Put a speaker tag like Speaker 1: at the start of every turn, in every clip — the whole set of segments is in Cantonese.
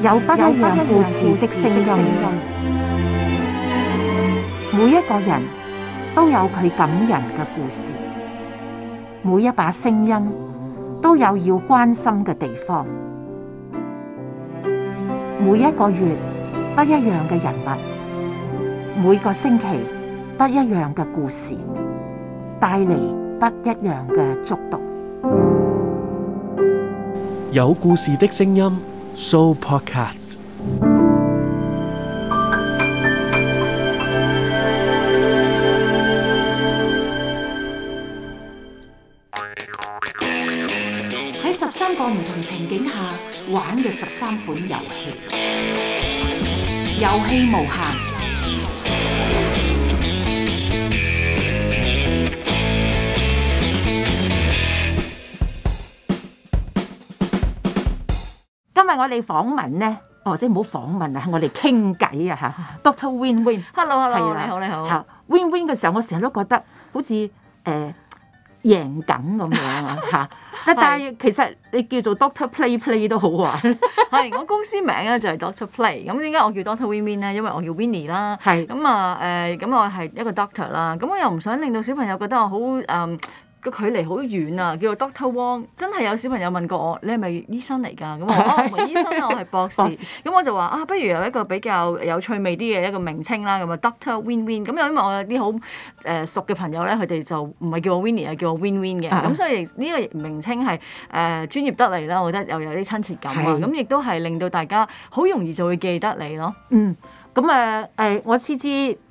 Speaker 1: 有不一樣故事的聲音，每一個人都有佢感人嘅故事，每一把聲音都有要關心嘅地方，每一個月不一樣嘅人物，每個星期不一樣嘅故事，帶嚟不一樣嘅觸動。有故事的聲音。Show podcast。喺十三個唔同情景下玩嘅十三款遊戲，遊戲無限。因為我哋訪問咧，或者唔好訪問啊，我哋傾偈啊吓，Doctor Win Win，Hello Hello，你好你好、啊、Win Win 嘅時候，我成日都覺得好似誒贏緊咁樣吓，但係其實你叫做 Doctor Play Play 都好玩，
Speaker 2: 係是 我公司名咧就係 Doctor Play，咁點解我叫 Doctor Win Win 咧？因為我叫 Winnie 啦是，係咁啊，誒、呃，咁我係一個 Doctor 啦，咁我又唔想令到小朋友覺得我好誒。呃個距離好遠啊！叫做 Doctor Wong，真係有小朋友問過我，你係咪醫生嚟㗎？咁我 哦唔係醫生啊，我係博士。咁、 嗯、我就話啊，不如有一個比較有趣味啲嘅一個名稱啦。咁、嗯、啊，Doctor Win Win 咁，因為我有啲好誒熟嘅朋友咧，佢哋就唔係叫我 Winnie，係叫我 Win Win 嘅。咁、uh huh. 所以呢個名稱係誒、呃、專業得嚟啦，我覺得又有啲親切感啊。咁亦都係令到大家好容易就會記得你咯。嗯。咁啊，誒、嗯，
Speaker 1: 我次次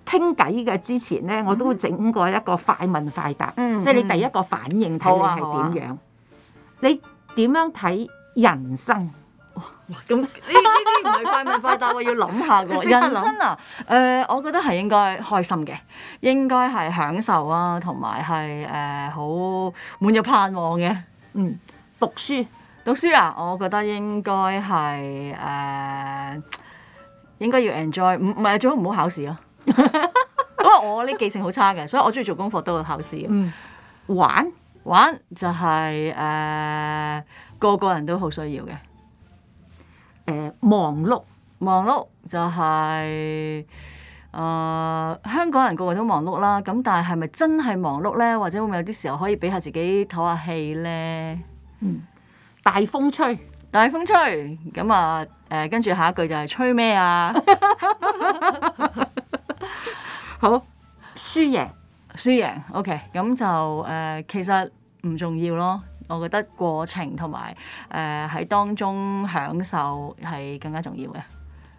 Speaker 1: 傾偈嘅之前咧，我都整過一個快問快答，即係你第一個反應睇你係點樣？啊啊、你點樣睇人
Speaker 2: 生？哇！咁呢呢啲唔係快問快答， 我要諗下嘅。 人生啊，誒、呃，我覺得係應該開心嘅，應該係享受啊，同埋係誒好滿咗盼望嘅。嗯，讀書讀書啊，我覺得應該係誒。呃應該要 enjoy，唔唔係最好唔好考試咯，不過我呢記性好差嘅，所以我中意做功課多過考試。嗯，玩玩就係誒個個人都好需要嘅。誒忙碌忙碌就係誒香港人個個都忙碌啦，咁但係係咪真係忙碌咧？或者會唔會有啲時候可以俾下自己唞下氣咧？嗯，大風吹大風吹咁啊！誒跟住下一句就係吹咩啊？ 好，輸贏，輸贏，OK，咁就誒、呃、其實唔重要咯。我覺得過程同埋誒喺當中享受係更加重要嘅。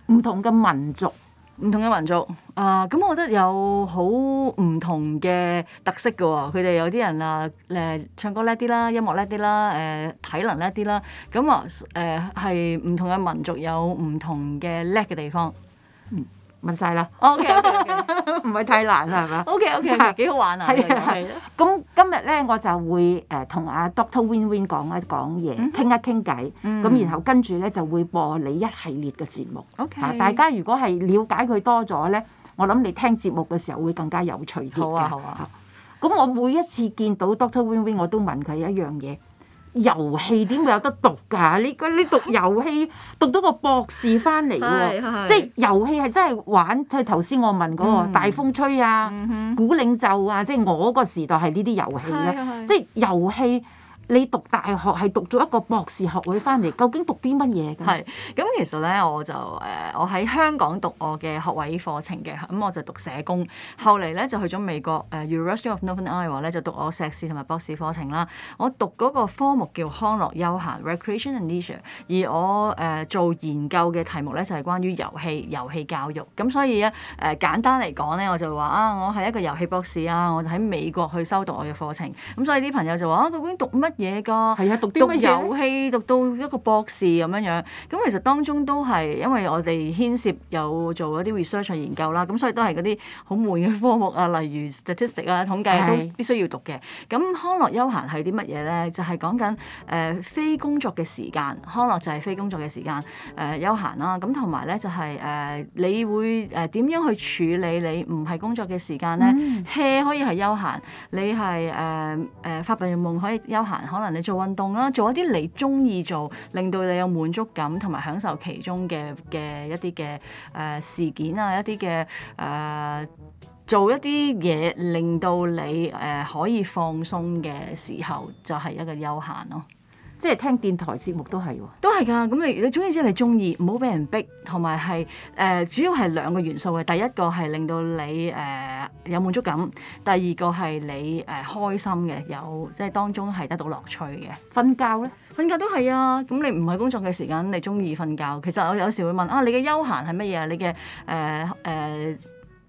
Speaker 2: 唔同嘅民族。唔同嘅民族啊，咁我覺得有好唔同嘅特色㗎喎，佢哋有啲人啊，誒、呃、唱歌叻啲啦，音樂叻啲啦，誒、呃、體能叻啲啦，咁啊誒係唔同嘅民族有唔同嘅叻嘅地方。問晒啦、
Speaker 1: oh，OK，唔、okay, 係、okay. 太難啦，係咪？OK，OK，幾好玩啊！係啊， 係啊、 嗯、 今日咧，我就會誒同阿 Doctor Winn Winn 講一講嘢，傾、mm hmm. 一傾偈。咁、mm hmm. 然後跟住咧就會播你一系列嘅節目。o Okay. 大家如果係了解佢多咗咧，我諗你聽節目嘅時候會更加有趣啲嘅。好啊，好啊。咁我每一次見到 Doctor Winn Winn，我都問佢一樣嘢。遊戲點會有得讀㗎？你、這個你讀遊戲 讀到個博士翻嚟喎，即係 是是 遊戲係真係玩。即係頭先我問嗰、那個 大風吹啊、 古領袖啊，即、就、係、是、我個時代係呢啲遊戲咧，即係 是是 遊戲。你讀大學係讀咗一個博士學位翻嚟，究竟讀
Speaker 2: 啲乜嘢？係咁、嗯、其實咧，我就誒、呃、我喺香港讀我嘅學位課程嘅，咁、嗯、我就讀社工。後嚟咧就去咗美國誒、呃、University of Northern Iowa 咧，就讀我碩士同埋博士課程啦。我讀嗰個科目叫康樂休閒 Recreation and Leisure 而我誒、呃、做研究嘅題目咧就係、是、關於遊戲、遊戲教育。咁、嗯、所以咧誒、呃、簡單嚟講咧，我就話啊，我係一個遊戲博士啊，我就喺美國去修讀我嘅課程。咁、嗯、所以啲朋友就話啊，究竟讀乜？嘢個、啊、讀，讀遊戲讀到一個博士咁樣樣，咁、嗯、其實當中都係因為我哋牽涉有做一啲 research 研究啦，咁、嗯、所以都係嗰啲好悶嘅科目啊，例如 statistic 啊統計是都必須要讀嘅。咁、嗯、康樂休閒係啲乜嘢咧？就係、是、講緊誒、呃、非工作嘅時間，康樂就係非工作嘅時間誒休閒啦。咁同埋咧就係、是、誒、呃、你會誒點、呃、樣去處理你唔係工作嘅時間咧？hea、嗯、可以係休閒，你係誒誒發白日夢可以休閒。可能你做運動啦，做一啲你鍾意做，令到你有滿足感同埋享受其中嘅嘅一啲嘅誒事件啊，一啲嘅誒做一啲嘢，令到你誒、呃、可以放鬆嘅時候，就係、是、一個休閒咯。即係聽電台節目都係喎、哦，都係㗎。咁你你中意即係你中意，唔好俾人逼。同埋係誒，主要係兩個元素嘅。第一個係令到你誒、呃、有滿足感，第二個係你誒、呃、開心嘅，有即係當中係得到樂趣嘅。瞓覺咧，瞓覺都係啊。咁你唔係工作嘅時間，你中意瞓覺。其實我有時會問啊，你嘅休閒係乜嘢啊？你嘅誒誒。呃呃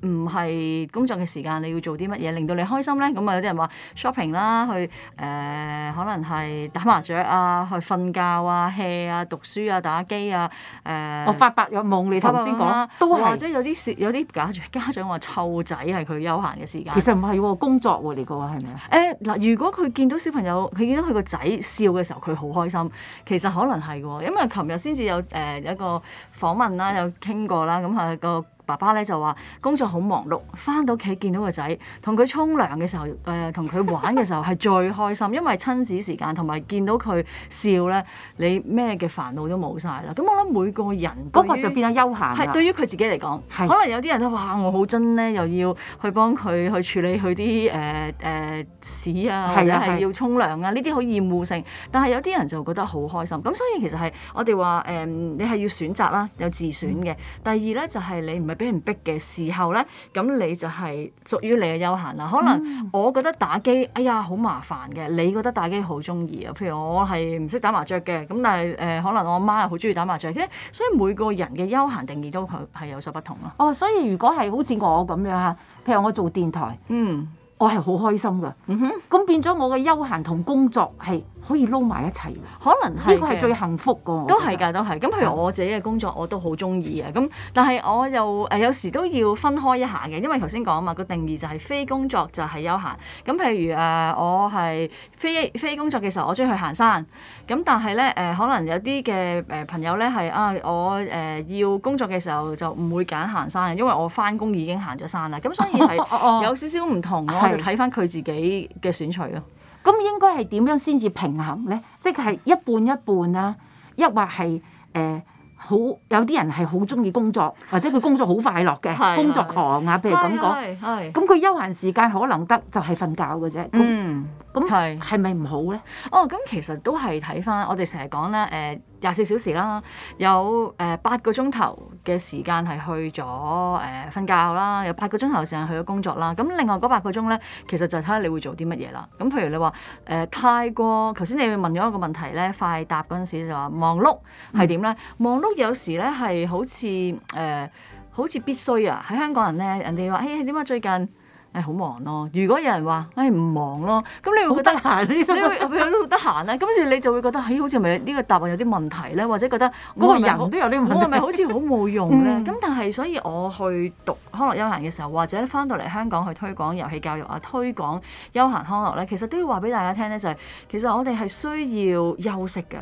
Speaker 2: 唔係工作嘅時間，你要做啲乜嘢令到你開心咧？咁啊有啲人話 shopping 啦，去誒、呃、可能係打麻雀啊，去瞓覺啊、hea 啊、讀書啊、打機啊誒。呃、我發白日夢，你頭先講啦都係是，即係有啲有啲假。家長話湊仔係佢休閒嘅時間。其實唔係
Speaker 1: 喎，工作喎、啊，你個話係咪啊？
Speaker 2: 誒嗱、呃，如果佢見到小朋友，佢見到佢個仔笑嘅時候，佢好開心。其實可能係喎，因為琴日先至有誒、呃、一個訪問啦，有傾過啦，咁、嗯、啊、嗰個。爸爸咧就話工作好忙碌，返到屋企見到個仔，同佢沖涼嘅時候，誒同佢玩嘅時候係最開心， 因為親子時間同埋見到佢笑咧，你咩嘅煩惱都冇晒啦。咁我諗每個人工作就變咗休閒啦，係對於佢自己嚟講，是可能有啲人都話我好憎咧，又要去幫佢去處理佢啲誒誒屎啊，或者係要沖涼啊，呢啲好厭惡性。但係有啲人就覺得好開心。咁所以其實係我哋話誒，你係要選擇啦，有自選嘅。嗯、第二咧就係、是、你唔係。俾人逼嘅時候咧，咁你就係屬於你嘅休閒啦。可能我覺得打機，哎呀，好麻煩嘅。你覺得打機好中意啊？譬如我係唔識打麻雀嘅，咁但係誒、呃，可能我媽又好中意打麻雀嘅。所以每個人嘅休閒定義都係係有所不同咯。哦，所以如果
Speaker 1: 係好似我咁樣嚇，譬如我做電台，嗯，我係好開心㗎。嗯哼，咁變
Speaker 2: 咗我嘅休閒
Speaker 1: 同工作係。可以撈埋一齊，可能呢個係最幸福噶。都係
Speaker 2: 㗎，都係。咁譬如我自己嘅工作，我都好中意嘅。咁但係我又誒、呃、有時都要分開一下嘅，因為頭先講啊嘛，個定義就係非工作就係休閒。咁譬如誒、呃、我係非非工作嘅時候，我中意去行山。咁但係咧誒，可能有啲嘅誒朋友咧係啊，我誒、呃、要工作嘅時候就唔會揀行山，因為我翻工已經行咗山啦。咁所以係有少少唔同咯， 我就睇翻佢自己嘅選取咯。咁應該係點樣先至平衡咧？即係一半一半啦、啊，抑或
Speaker 1: 係誒、呃、好有啲人係好中意工作，或者佢工作好快樂嘅是是 工作狂啊，是是是譬如咁講，咁佢是休閒時間可能得就係瞓覺嘅啫。嗯是那，
Speaker 2: 咁係咪唔好咧？哦，咁其實都係睇翻我哋成日講啦。誒、呃。廿四小時啦，有誒八、呃、個鐘頭嘅時間係去咗誒瞓覺啦，有八個鐘頭時、時間去咗工作啦。咁另外嗰八個鐘咧，其實就睇下你會做啲乜嘢啦。咁譬如你話誒太過，頭、呃、先你問咗一個問題咧，快答嗰陣時就話忙碌係點咧？嗯、忙碌有時咧係好似誒、呃、好似必須啊，喺香港人咧，人哋話誒點解最近？好、哎、忙咯！如果有人話誒唔忙咯，咁你會覺得閒、啊、你會係咪好得閒咧？跟住 你、啊、你就會覺得，誒、哎、好似咪呢個答案有啲問題咧，或者覺得嗰個人都有啲問題，我是是好。我咪好似好冇用咧？咁但係，所以我去讀康樂休閒嘅時候，或者翻到嚟香港去推廣遊戲教育啊，推廣休閒康樂咧，其實都要話俾大家聽咧，就係、是、其實我哋係需要休息嘅，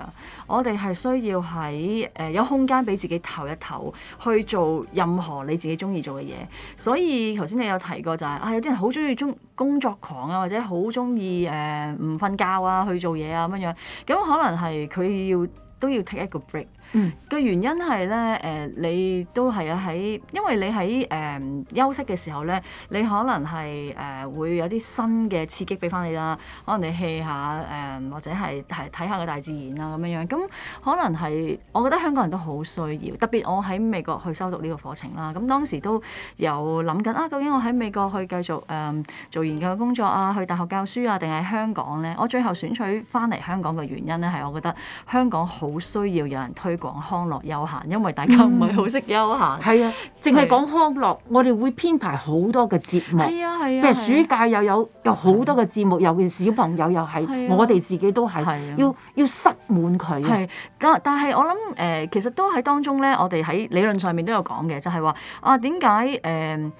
Speaker 2: 我哋係需要喺誒、呃、有空間俾自己唞一唞，去做任何你自己中意做嘅嘢。所以頭先你有提過就係、是哎呃有啲人好中意中工作狂啊，或者好中意誒唔瞓覺啊去做嘢啊咁樣，咁可能係佢要都要 take 一個 break。嗯，個原因係咧，誒、呃，你都係啊，喺，因為你喺誒、呃、休息嘅時候咧，你可能係誒、呃、會有啲新嘅刺激俾翻你啦。可能你 hea 下誒、呃、或者係睇下個大自然啊咁樣樣，咁、嗯、可能係我覺得香港人都好需要，特別我喺美國去修讀呢個課程啦。咁、嗯、當時都有諗緊啊，究竟我喺美國去繼續誒、呃、做研究嘅工作啊，去大學教書啊，定係香港咧？我最後選取翻嚟香港嘅原因咧，係我覺得香港好需要有人推。講康樂休閒，因為大家唔係好識休閒。係、嗯、啊，淨係講康樂，啊、我哋會編排好多嘅節目。係啊係啊，譬、啊啊、如暑假
Speaker 1: 又有有好多嘅節目，啊、尤其是小
Speaker 2: 朋友又係，啊、我哋自己都係、啊、要要塞滿佢。係，但但係我諗誒、呃，其實都喺當中咧，我哋喺理論上面都有講嘅，就係、是、話啊點解誒？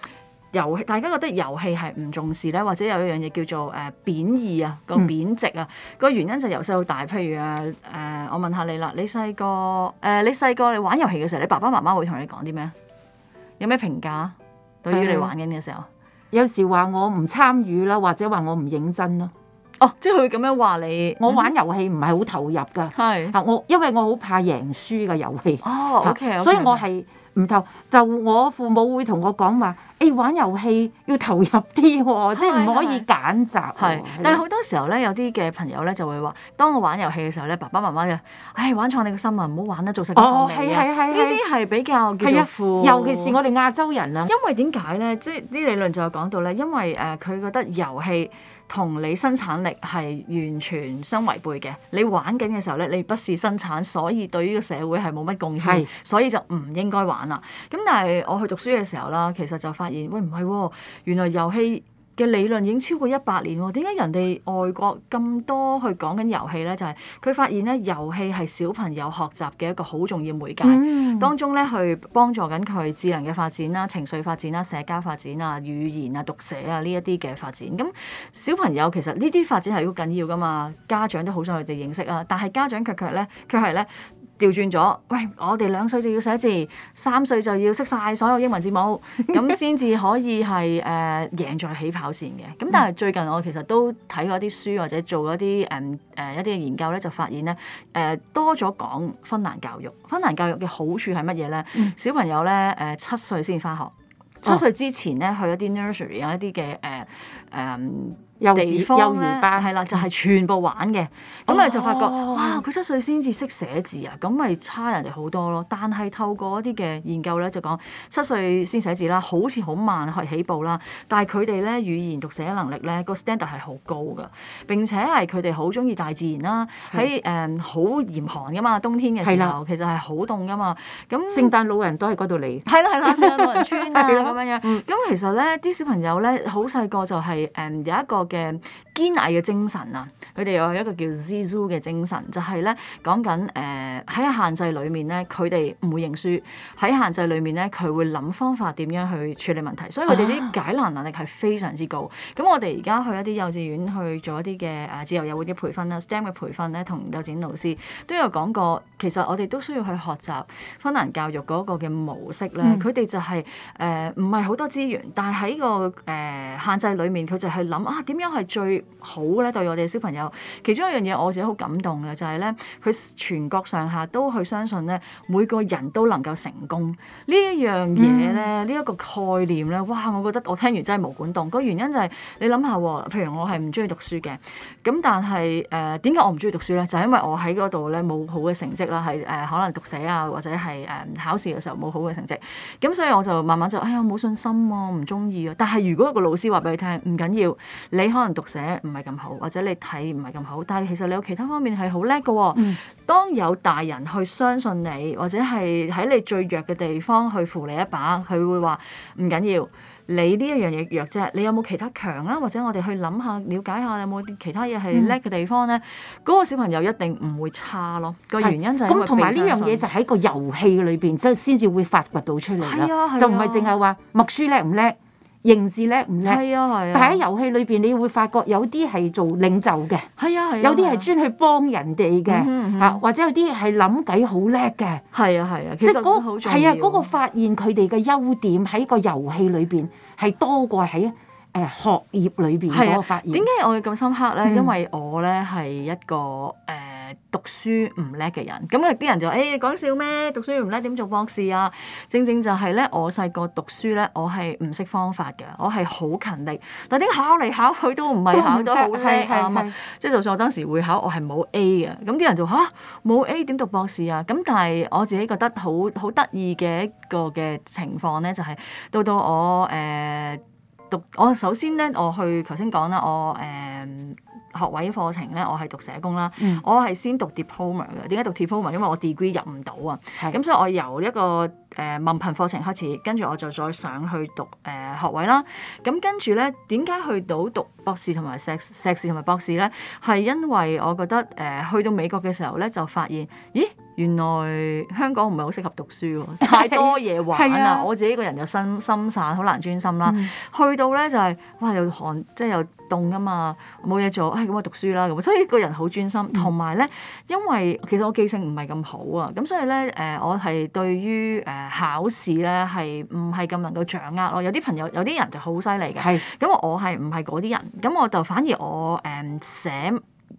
Speaker 2: 遊戲大家覺得遊戲係唔重視咧，或者有一樣嘢叫做誒、呃、貶義啊個貶值啊個、嗯、原因就由細到大，譬如誒誒、呃，我問下你啦，你細個誒你細個你玩遊戲嘅時候，你爸爸媽媽會同你講啲咩？有咩評價
Speaker 1: 對於你玩緊嘅時候？有時話我唔參與啦，或者話我唔認真咯。哦，即係佢會咁樣話你。我玩遊戲唔係好投入㗎，係我、嗯、因為我好怕贏輸嘅遊戲。哦，OK, okay, okay. 所以我係。唔就就我父母會同我講話，
Speaker 2: 誒、欸、玩遊戲要投入啲喎、哦，是即係唔可以揀擇、哦。係是，的但係好多時候咧，有啲嘅朋友咧就會話，當我玩遊戲嘅時候咧，爸爸媽媽就唉、哎，玩錯你個心啊，唔好玩得做成。哦，係係係呢啲係比較的叫做，尤其是我哋亞洲人啊，人啊因為點解咧？即係啲理論就有講到咧，因為誒佢、呃、覺得遊戲。同你生產力係完全相違背嘅。你玩緊嘅時候咧，你不是生產，所以對於個社會係冇乜貢獻，是所以就唔應該玩啦。咁但係我去讀書嘅時候啦，其實就發現，喂，唔係、哦，原來遊戲。嘅理論已經超過一百年喎，點解人哋外國咁多去講緊遊戲呢？就係、是、佢發現咧，遊戲係小朋友學習嘅一個好重要媒介，嗯、當中咧去幫助緊佢智能嘅發展啦、情緒發展啦、社交發展啊、語言啊、讀寫啊呢一啲嘅發展。咁小朋友其實呢啲發展係好緊要㗎嘛，家長都好想佢哋認識啊，但係家長卻卻咧，佢係咧。劇劇調轉咗，喂！我哋兩歲就要寫字，三歲就要識晒所有英文字母，咁先至可以係誒贏在起跑線嘅。咁但係最近我其實都睇過啲書或者做一啲誒誒一啲研究咧，就發現咧誒、呃、多咗講芬蘭教育。芬蘭教育嘅好處係乜嘢咧？嗯、小朋友咧誒、呃、七歲先翻學，七歲之前咧、哦、去一啲 nursery 有一啲嘅誒誒。呃呃地方咧幼兒班，係啦，就係全部玩嘅，咁咪就發覺哇！佢七歲先至識寫字啊，咁咪差人哋好多咯。但係透過一啲嘅研究咧，就講七歲先寫字啦，好似好慢學起步啦。但係佢哋咧語言讀寫能力咧個 standard 係好高㗎。並且係佢哋好中意大自然啦，喺誒好嚴寒㗎嘛，冬天嘅時候其實係好凍㗎嘛。咁聖誕老人都喺嗰度嚟，係啦係啦，聖誕老人村啦咁樣樣。咁其實咧啲小朋友咧好細個就係誒有一個嘅堅毅嘅精神啊，佢哋又有一個叫 Sisu 嘅精神，就係咧講緊誒喺限制裏面咧，佢哋唔會認輸。喺限制裏面咧，佢會諗方法點樣去處理問題，所以佢哋啲解難能力係非常之高。咁、啊、我哋而家去一啲幼稚園去做一啲嘅啊自由遊玩嘅培訓啦、 STEM 嘅培訓咧，同幼稚園老師都有講過。其實我哋都需要去學習芬蘭教育嗰個嘅模式咧。佢哋、嗯、就係誒唔係好多資源，但係喺、這個誒、呃、限制裏面，佢就係諗啊點？咁樣係最好咧，對我哋小朋友。其中一樣嘢，我自己好感動嘅就係咧，佢全國上下都去相信咧，每個人都能夠成功。呢一樣嘢咧，呢一、mm. 個概念咧，哇！我覺得我聽完真係毛管動。個原因就係、是、你諗下，譬如我係唔中意讀書嘅，咁但係誒點解我唔中意讀書咧？就係、因為我喺嗰度咧冇好嘅成績啦，係誒、呃、可能讀寫啊，或者係誒、呃、考試嘅時候冇好嘅成績。咁所以我就慢慢就哎呀冇信心喎、啊，唔中意啊。但係如果個老師話俾你聽，唔緊要你。你可能讀寫唔係咁好，或者你睇唔係咁好，但係其實你有其他方面係好叻嘅。嗯、當有大人去相信你，或者係喺你最弱嘅地方去扶你一把，佢會話唔緊要，你呢一樣嘢弱啫。你有冇其他強啊？或者我哋去諗下、了解下，你有冇其他嘢係叻嘅地方咧？嗰、嗯、個小朋友一定唔會差咯。個原因就係咁，同埋呢樣嘢
Speaker 1: 就喺個遊戲裏邊，即係先至會發掘到出嚟啦。就唔係淨係話默書叻唔叻。認字叻唔叻？係啊係啊！啊但喺遊戲裏邊，你會發覺有啲係做領袖嘅，啊啊啊、有啲係專去幫人哋嘅，嗯嗯、或者有啲係諗計好叻嘅，係啊係啊。其實好重要，係啊，嗰、嗰個發現佢哋嘅優點喺個遊戲裏邊係多過喺誒、呃、學業裏邊嗰個發現。點解、
Speaker 2: 啊、我會咁深刻咧？嗯、因為我咧係一個誒。呃讀書唔叻嘅人，咁有啲人就誒講、欸、笑咩？讀書唔叻點做博士啊？正正就係咧，我細個讀書咧，我係唔識方法嘅，我係好勤力，但係點考嚟，考去都唔係考得好叻啊。即係就算我當時會考我，我係冇 A 嘅，咁啲人就吓，冇 A 點讀博士啊？咁但係我自己覺得好好得意嘅一個嘅情況咧、就係，就係到到我誒、呃、讀我首先咧，我去頭先講啦，我誒。呃學位課程咧，我係讀社工啦。嗯、我係先讀 diploma 嘅，點解讀 diploma？因為我 degree 入唔到啊。咁的所以我由一個誒、呃、文憑課程開始，跟住我就再上去讀誒、呃、學位啦。咁跟住咧，點解去到讀博士同埋碩碩士同埋博士咧？係因為我覺得誒、呃、去到美國嘅時候咧，就發現咦，原來香港唔係好適合讀書喎，太多嘢玩啦。 的我自己個人又心心散，好難專心啦。嗯、去到咧就係、是、哇，又寒，即係又～寥寥寥寥寥寥凍啊嘛，冇嘢做，唉，咁我讀書啦。咁，所以個人好專心。同埋咧，因為其實我記性唔係咁好啊，咁所以咧誒、呃，我係對於誒、呃、考試咧係唔係咁能夠掌握咯。有啲朋友，有啲人就好犀利嘅，咁係、嗯、我係唔係嗰啲人，咁、嗯、我就反而我誒、嗯、寫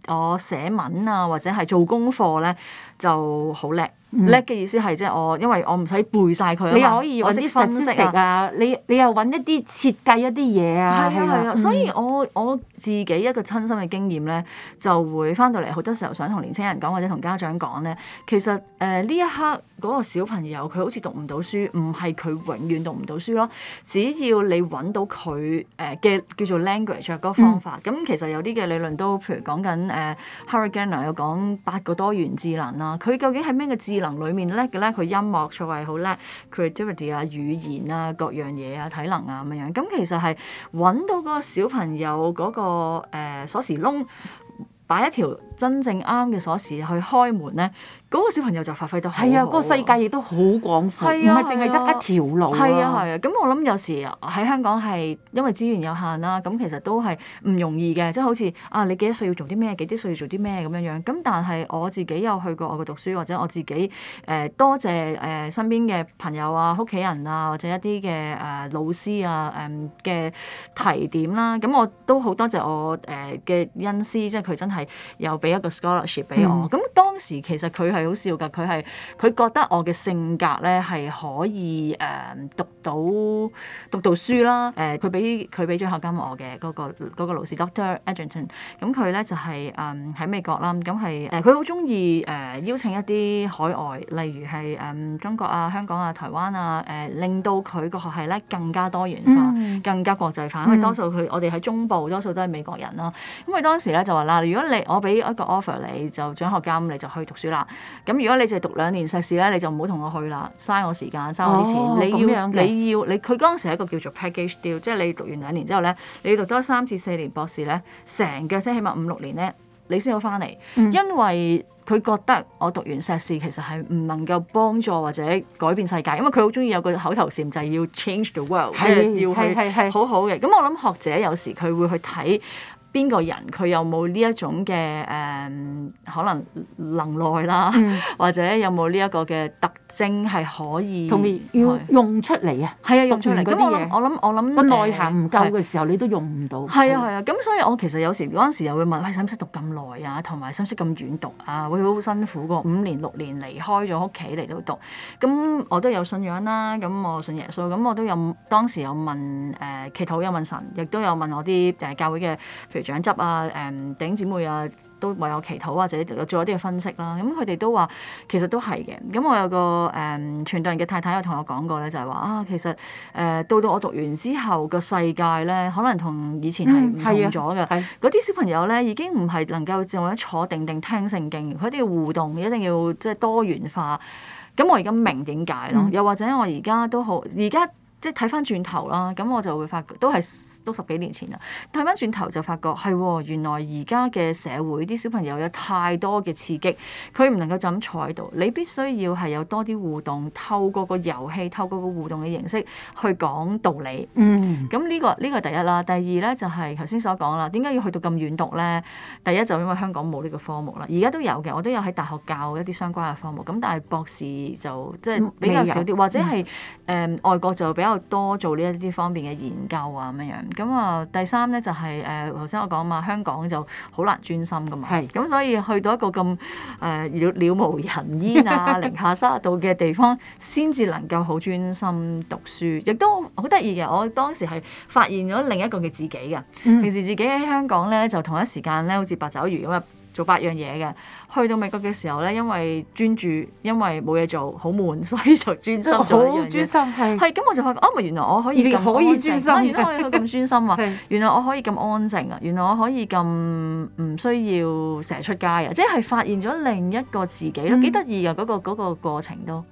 Speaker 2: 我寫文啊，或者係做功課咧就好叻。叻嘅、嗯、意思係即係我，因為我唔使背晒佢你啊嘛，我識分析啊，啊你你又揾一啲設計一啲嘢啊，係啊係啊，所以我我自己一個親身嘅經驗咧，就會翻到嚟好多時候想同年青人講或者同家長講咧，其實誒呢、呃、一刻、嗰個小朋友佢好似讀唔到書，唔係佢永遠讀唔到書咯，只要你揾到佢誒嘅叫做 language 嗰個方法，咁、嗯嗯、其實有啲嘅理論都譬如講緊誒 Howard Gardner 有講八個多元智能啦，佢究竟係咩嘅智？技能裏面叻嘅咧，佢音樂，才藝好、mm、叻、hmm.，creativity 啊、語言啊、各樣嘢啊、體能啊咁樣樣。咁其實係揾到個小朋友嗰、嗰個誒、呃、鎖匙窿，擺一條。真正啱嘅鎖匙去開門咧，嗰、那個小朋友就發揮得好係啊！個世界亦都好廣闊，唔係，淨係得一條路。係啊，係啊。咁、啊啊、我諗有時喺香港係因為資源有限啦，咁其實都係唔容易嘅。即、就、係、是、好似啊，你幾多歲要做啲咩？幾多歲要做啲咩咁樣樣。咁但係我自己有去過外國讀書，或者我自己誒、呃、多謝誒身邊嘅朋友啊、屋企人啊，或者一啲嘅誒老師啊、誒嘅提點啦、啊。咁我都好多謝我誒嘅、呃、恩師，即係佢真係有俾。俾一個 scholarship 俾我，咁當時其實佢係好笑㗎，佢係佢覺得我嘅性格咧係可以誒、呃、讀到讀到書啦，誒佢俾佢俾獎學金我嘅嗰、嗰個嗰個老師 Doctor Edington，咁佢咧就係誒喺美國啦，咁係誒佢好中意誒邀請一啲海外，例如係誒、呃、中國啊、香港啊、台灣啊，誒、呃、令到佢個學系咧更加多元化、mm. 更加國際化，mm. 因為多數佢我哋喺中部多數都係美國人啦，咁佢當時咧就話啦，如果你我俾個 offer 你就獎學金你就去讀書啦。咁如果你淨係讀兩年碩士咧，你就唔好同我去啦，嘥我時間嘥我啲錢。哦、你要你要你佢嗰陣時係一個叫做 package deal，即係你讀完兩年之後咧，你讀多三至四年博士咧，成個即起碼五六年咧，你先可翻嚟。因為佢覺得我讀完碩士其實係唔能夠幫助或者改變世界，因為佢好中意有個口頭禪就係、是、要 change the world，即係是要去好好嘅。咁他我諗學者有時佢會去睇。邊個人佢有冇呢一種嘅誒、呃、可能能耐啦，嗯、或者有冇呢一個嘅特徵係可以用出嚟啊？係啊是，讀完 用出嚟。咁我諗我
Speaker 1: 諗我諗個內涵唔夠嘅時候，呃、你都用唔到。係啊係
Speaker 2: 啊，咁好所以我其實有時嗰陣時又會問：喂、哎，使唔使讀咁耐啊？同埋使唔使咁遠讀啊？會好辛苦㗎。五年六年離開咗屋企嚟到讀。咁我都有信仰啦。咁我，我信耶穌。咁我都有，我有當時有問誒祈禱有問神，亦都有問我啲誒教會嘅。長執啊，誒、嗯，弟兄姊妹啊，都為我祈禱啊，或者做一啲嘅分析啦。咁佢哋都話，其實都係嘅。咁我有個誒傳道人嘅太太有同我講過咧，就係、是、話啊，其實誒、呃、到到我讀完之後個世界咧，可能同以前係唔同咗嘅。嗰啲、嗯啊啊、小朋友咧，已經唔係能夠淨係坐定定聽聖經，佢哋要互動，一定要即係多元化。咁我而家明點解咯。嗯、又或者我而家都好，而家。即係睇翻轉頭啦，咁我就會發覺都係都十幾年前啦。睇翻轉頭就發覺係，原來而家嘅社會啲小朋友有太多嘅刺激，佢唔能夠就咁坐喺度。你必須要係有多啲互動，透過個遊戲，透過個互動嘅形式去講道理。嗯，咁呢個呢個第一啦。第二咧就係頭先所講啦，點解要去到咁遠讀咧？第一就因為香港冇呢個科目啦。而家都有嘅，我都有喺大學教一啲相關嘅科目。咁但係博士就即係比較少啲，嗯、或者係誒、嗯、外國就比較比較多做呢一啲方面嘅研究啊咁樣樣，咁、嗯、啊第三咧就係、是、誒，頭、呃、先我講嘛，香港就好難專心噶嘛，係是，咁、嗯、所以去到一個咁誒了了無人煙啊，零下三十度嘅地方，先至 能夠好專心讀書，亦都好得意嘅。我當時係發現咗另一個嘅自己嘅，嗯、平時自己喺香港咧就同一時間咧好似八爪魚咁啊。做八樣嘢嘅，去到美國嘅時候咧，因為專注，因為冇嘢做，好悶，所以就專心做一樣嘢。好專心係。係，咁我就發覺，哦，原來我可以咁專心。原來我可以咁專心啊！原來我可以咁安靜啊！原來我可以咁唔需要成日出街啊！即係發現咗另一個自己咯，幾得意嘅嗰個嗰個過程都。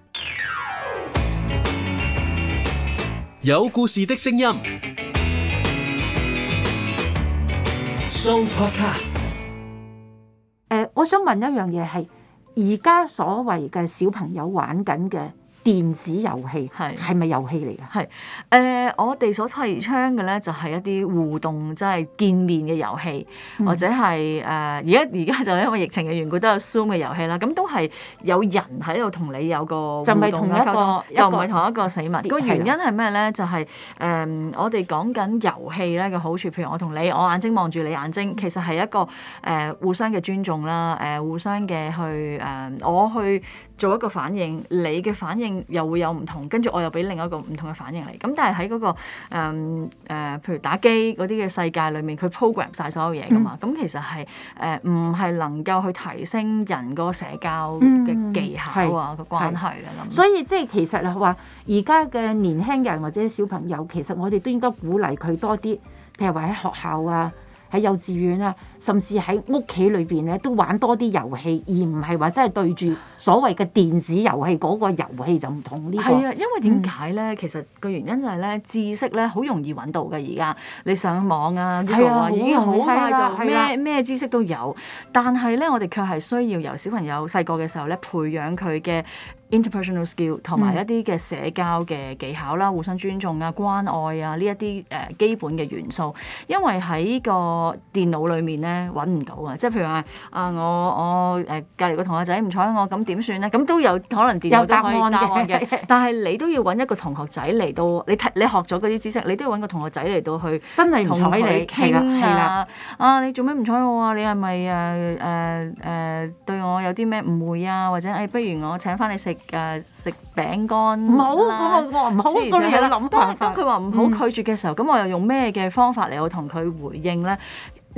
Speaker 1: 有故事的聲音。So Podcast。誒、呃，我想問一樣嘢係，而家所謂嘅小朋友玩
Speaker 2: 緊嘅。電子遊戲係係咪遊戲嚟㗎？係誒、呃，我哋所提倡嘅咧就係、是、一啲互動，即、就、係、是、見面嘅遊戲，嗯、或者係誒而家而家就因為疫情嘅緣故，都有 Zoom 嘅遊戲啦。咁都係有人喺度同你有個就唔係同一個，就唔係同，個同一個死物。個，個原因係咩咧？就係、是、誒、呃，我哋講緊遊戲咧嘅好處，譬如我同你，我眼睛望住你眼睛，其實係一個誒、呃、互相嘅尊重啦，誒互相嘅去誒，我去做一個反應，你嘅反應。又會有唔同，跟住我又俾另一個唔同嘅反應嚟。咁但係喺嗰個誒、嗯呃、譬如打機嗰啲嘅世界裏面，佢 program 晒所有嘢㗎嘛。咁、嗯嗯、其實係誒唔係能夠去提升人個社交嘅技巧啊個、嗯、關係啊咁
Speaker 1: 樣。所以即係其實啊話，而家嘅年輕人或者小朋友，其實我哋都應該鼓勵佢多啲，譬如話喺學校啊，喺幼稚園啊。甚至喺屋企裏邊咧，都玩多啲遊戲，而唔係話真係對住所謂嘅電子遊戲嗰
Speaker 2: 個遊戲就唔同呢、這個。係啊，因為點解咧？嗯、其實個原因就係咧，知識咧好容易揾到嘅而家，你上網啊，係、這個、啊，啊已經好快就咩咩、啊啊、知識都有。但係咧，我哋卻係需要由小朋友細個嘅時候咧，培養佢嘅 interpersonal skill 同埋一啲嘅社交嘅技巧啦，嗯、互相尊重啊、關愛啊呢一啲誒、呃、基本嘅元素。因為喺個電腦裏面咧咧揾唔到啊！即係譬如話啊，我我誒隔籬個同學仔唔睬我，咁點算咧？咁都有可能電腦都可以答案嘅。案 但係你都要揾一個同學仔嚟到，你睇你學咗嗰啲知識，你都要揾個同學仔嚟到去同佢傾啊！啊，你做咩唔睬我啊？你係咪啊誒誒、啊啊、對我有啲咩誤會啊？或者誒、哎，不如我請返你食誒食餅乾啦。好，我我唔好咁樣。當當佢話唔好拒絕嘅時候，咁、嗯、我又用咩嘅方法嚟我同佢回應咧？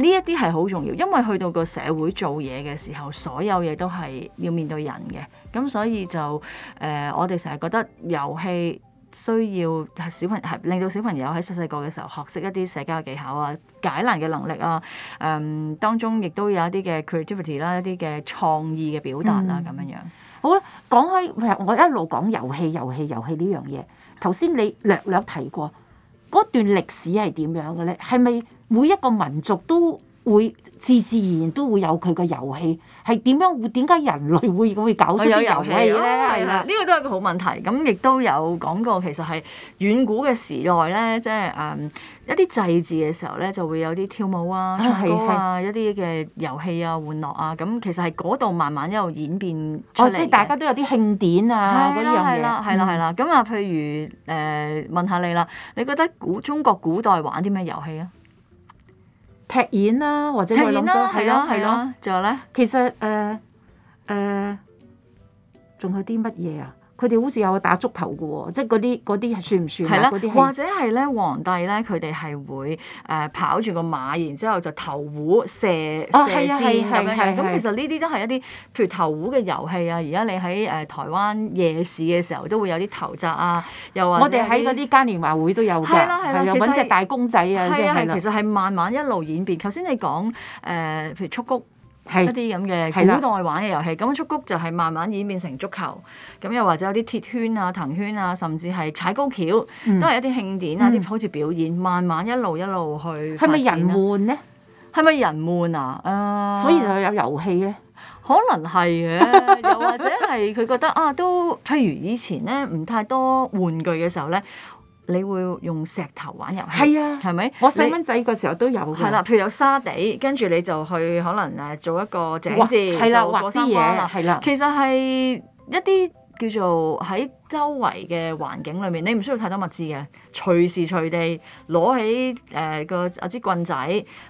Speaker 2: 呢一啲係好重要，因為去到個社會做嘢嘅時候，所有嘢都係要面對人嘅，咁所以就誒、呃，我哋成日覺得遊戲需要小朋友令到小朋友喺細細個嘅時候學識一啲社交技巧啊、解難嘅能力啊，誒、嗯、當中亦都有一啲嘅 creativity 啦、一啲嘅創意嘅表達啦、啊、咁樣樣、嗯。好啦，講開，我
Speaker 1: 一路講遊戲、遊戲、遊戲呢樣嘢。頭先你略略提過嗰段歷史係點樣嘅咧？係咪？每一個民族都會自自然然都會有佢嘅遊戲，係點樣？點解人類會會搞出啲遊戲咧？
Speaker 2: 呢、這個都係個好問題。咁亦都有講過，其實係遠古嘅時代咧，即係誒、嗯、一啲祭祀嘅時候咧，就會有啲跳舞啊、唱歌啊、係係係一啲嘅遊戲啊、玩樂啊。咁其實係嗰度慢慢一路演變出、哦、即係大家都有啲慶典啊嗰樣嘢。係啦係啦，咁啊，譬如誒問下你啦，你覺得古中國古代玩啲咩遊戲啊？踢毽啦、啊，或者係咯係咯，仲有
Speaker 1: 咧？其實誒誒，仲、呃呃、有啲乜嘢啊？佢哋好似有打足球㗎喎，即係嗰啲嗰啲算唔算啊？或者
Speaker 2: 係咧，皇帝咧佢哋係會誒跑住個馬，然之後就投壺射射箭咁樣樣。咁其實呢啲都係一啲，譬如投壺嘅遊戲啊。而家你喺誒台灣夜市嘅時候都會有啲投擲啊，又或者我哋喺嗰啲嘉年華會都有㗎，係啦係啦，又揾隻大公仔啊，即係啦。其實係慢慢一路演變。頭先你講誒，譬如蹴鞠。是一啲咁嘅古代玩嘅遊戲，咁蹴鞠就係慢慢演變成足球，咁又或者有啲鐵圈啊、藤圈啊，甚至係踩高蹺，嗯、都係一啲慶典啊、啲好似表演，慢慢一路一路去。係咪人悶咧？係咪人悶啊？Uh, 所以就有遊戲咧，可能係嘅，又或者係佢覺得 啊，都譬如以前咧唔太多玩具嘅時候咧。你會用石頭玩遊戲係啊，係咪？我細蚊仔個時候都有嘅。係啦，譬如有沙地，跟住你就去可能誒做一個井字，畫就畫啲嘢。係啦，其實係一啲叫做喺周圍嘅環境裏面，你唔需要太多物資嘅，隨時隨地攞起誒個啊支棍仔，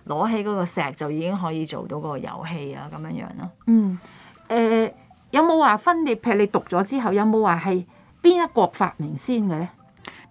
Speaker 2: 攞起嗰個石就已經可以做到個遊戲啊，咁樣樣咯。嗯，誒、呃、有冇話分裂，譬如你讀咗之後，有冇話係邊一國發明先嘅咧？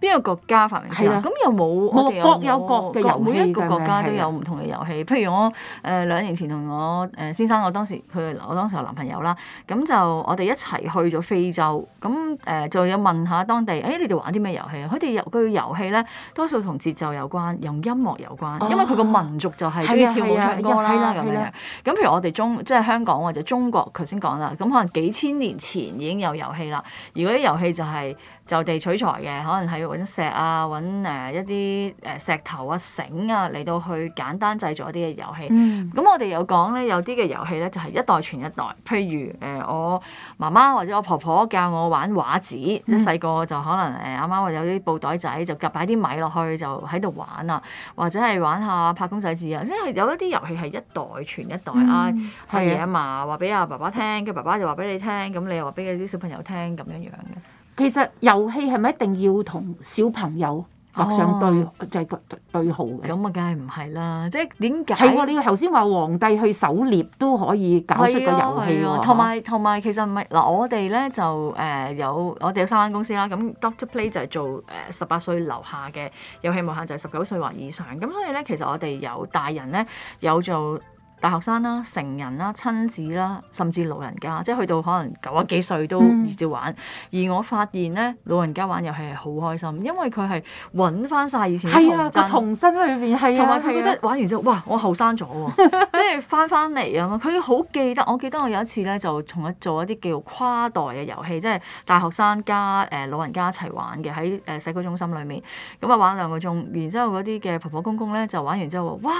Speaker 2: 邊個國家發明？咁又冇冇各有各嘅，每一個國家都有唔同嘅遊戲。譬如我誒兩年前同我誒先生，我當時佢我當時男朋友啦，咁就我哋一齊去咗非洲。咁誒，就有問下當地，誒你哋玩啲咩遊戲啊？佢哋遊佢嘅遊戲咧，多數同節奏有關，用音樂有關，因為佢個民族就係中意跳舞唱歌啦咁樣。咁譬如我哋中即係香港或者中國，頭先講啦。咁可能幾千年前已經有遊戲啦。如果啲遊戲就係。就地取材嘅，可能係要揾石啊、揾、呃、一啲誒石頭啊、繩啊，嚟到去簡單製作一啲嘅遊戲。咁、嗯、我哋有講咧，有啲嘅遊戲咧就係、是、一代傳一代。譬如誒、呃，我媽媽或者我婆婆教我玩畫紙，即細個就可能誒阿媽有啲布袋仔，就夾擺啲米落去就喺度玩啊，或者係玩下拍公仔紙、嗯、啊。即係有一啲遊戲係一代傳一代啊，係啊嘛，話俾阿爸爸聽，跟住爸爸就話俾你聽，咁你又話俾啲小朋友聽咁樣樣嘅。
Speaker 1: 其實遊戲係咪一定要同小朋友畫上對、哦、就係個對號嘅？咁啊，梗係唔係啦？即
Speaker 2: 係點解？係喎、啊！你
Speaker 1: 頭先話皇帝去狩獵都可以搞出個遊戲喎。同埋
Speaker 2: 同埋，其實咪嗱、呃，我哋咧就誒有我哋有三間公司啦。咁 Doctor Play 就係做誒十八歲樓下嘅遊戲無限，就係十九歲或以上。咁所以咧，其實我哋有大人咧有做。大學生啦、啊、成人啦、啊、親子啦、啊，甚至老人家，即係去到可能九十幾歲都唔知玩。嗯、而我發現咧，老人家玩遊戲係好開心，因為佢係揾翻晒以前係啊就童心裏邊，係同埋佢覺得玩完之後，哇！我後生咗喎，即係翻翻嚟啊嘛。佢好記得，我記得我有一次咧，就同一做一啲叫跨代嘅遊戲，即、就、係、是、大學生加誒老人家一齊玩嘅喺誒社區中心裏面。咁、嗯、啊玩兩個鐘，然之後嗰啲嘅婆婆公公咧就玩完之後話：哇，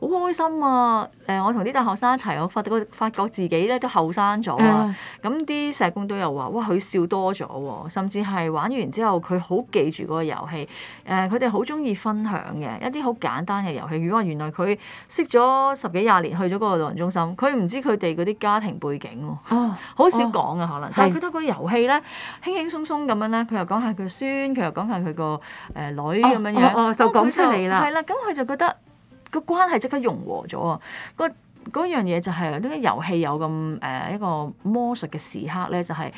Speaker 2: 好開心啊！誒、嗯。我同啲大學生一齊，我發覺發覺自己咧都後生咗啊！咁啲社工都又話：哇，佢笑多咗喎，甚至係玩完之後，佢好記住嗰個遊戲。誒，佢哋好中意分享嘅一啲好簡單嘅遊戲。如果原來佢識咗十幾廿年去咗嗰個老人中心，佢唔知佢哋嗰啲家庭背景，好、oh, 少講啊，可能。Oh, 但係佢覺得個遊戲咧，輕輕鬆鬆咁樣咧，佢又講下佢孫，佢又講下佢個誒女咁樣樣，就講、so、出嚟啦。係啦，咁佢就覺得。個關係即刻融和咗啊！個嗰樣嘢就係點解遊戲有咁誒、呃、一個魔術嘅時刻咧？就係、是、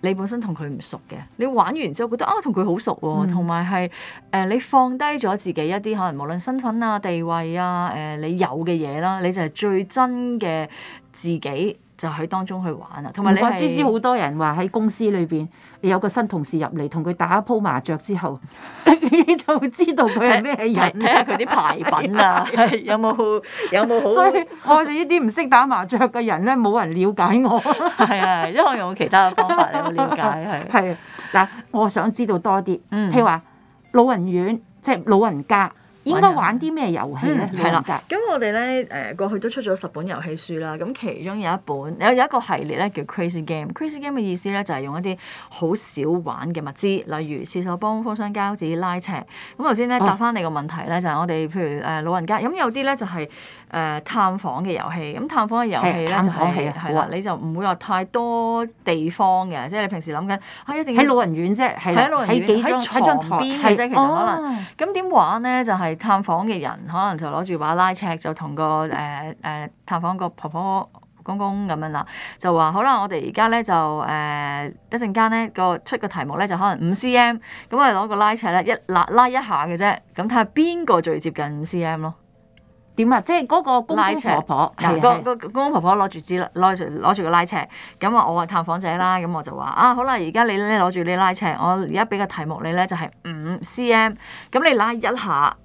Speaker 2: 你本身同佢唔熟嘅，你玩完之後覺得啊，同佢好熟喎、哦。同埋係誒，你放低咗自己一啲可能無論身份啊、地位啊、誒、呃、你有嘅嘢啦，你就係最真嘅自己就喺當中去玩啊。同埋你係好
Speaker 1: 多人話喺公司裏邊。你有個新同事入嚟，同佢打一鋪麻雀之後， 你就會知道佢係咩人，睇下佢啲牌品啊， 啊有冇有冇好？所以 我哋呢啲唔識打麻雀嘅人咧，冇人了解我。係 啊，因為我用其他嘅方法嚟 了解係。係嗱、啊，我想知道多啲，譬、嗯、如話老人院，即、就、係、是、老人家。
Speaker 2: 應該玩啲咩遊戲咧？係啦，咁我哋咧誒過去都出咗十本遊戲書啦。咁其中有一本有有一個系列咧叫 Crazy Game。Crazy Game 嘅意思咧就係用一啲好少玩嘅物資，例如廁所幫、封箱膠紙、拉尺。咁頭先咧答翻你個問題咧，就係我哋譬如誒老人家咁有啲咧就係誒探訪嘅遊戲。咁探訪嘅遊戲咧就係係啊，你就唔會話太多地方嘅，即係你平時諗緊，一定喺老人院啫，係喺老人院幾張喺床邊嘅啫。其實可能咁點玩咧，就係。探訪嘅人可能就攞住把拉尺，就同個誒誒探訪個婆婆公公咁樣啦，就話好啦，我哋而家咧就誒一陣間咧個出個題目咧就可能五 cm，咁啊攞個拉尺咧一拉拉一下嘅啫，咁睇下邊個最接近五 cm 咯。點啊？即係嗰個公公婆婆，公公婆婆攞住支拉尺攞住個拉尺，咁啊我係探訪者啦，咁我就話啊好啦，而家你咧攞住呢拉尺，我而家俾個題目你咧就係、是、五 cm，咁你拉一下。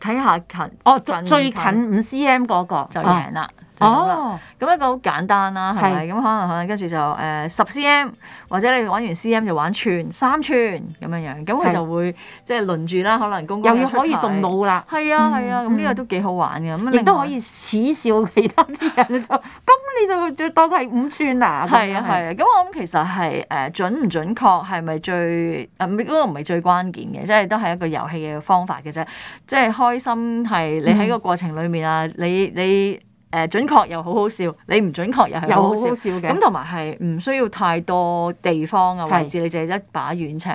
Speaker 2: 睇下近哦，近最近五 cm 嗰、那個就贏啦。哦，咁一個好簡單啦，係咪？咁可能可能跟住就誒十、呃、cm，或者你玩完 cm 就玩串三寸咁樣樣，咁佢是 就會即係輪住啦。可能公公又要可以動腦啦，係啊係啊，咁呢、啊嗯嗯、個都幾好玩嘅。咁亦都可以恥笑其他啲人就咁、 嗯、你就當係五寸啊。係啊係啊，咁、啊啊啊啊、我諗其實係誒準唔準確係咪最啊？唔嗰個唔係最關鍵嘅，即係都係一個遊戲嘅方法嘅啫。即係、就是、開心係你喺個過程裡面啊，啊，你你。你你你誒準確又好好笑，你唔準確又係好好笑嘅。咁同埋係唔需要太多地方嘅，或者你淨係一把軟尺。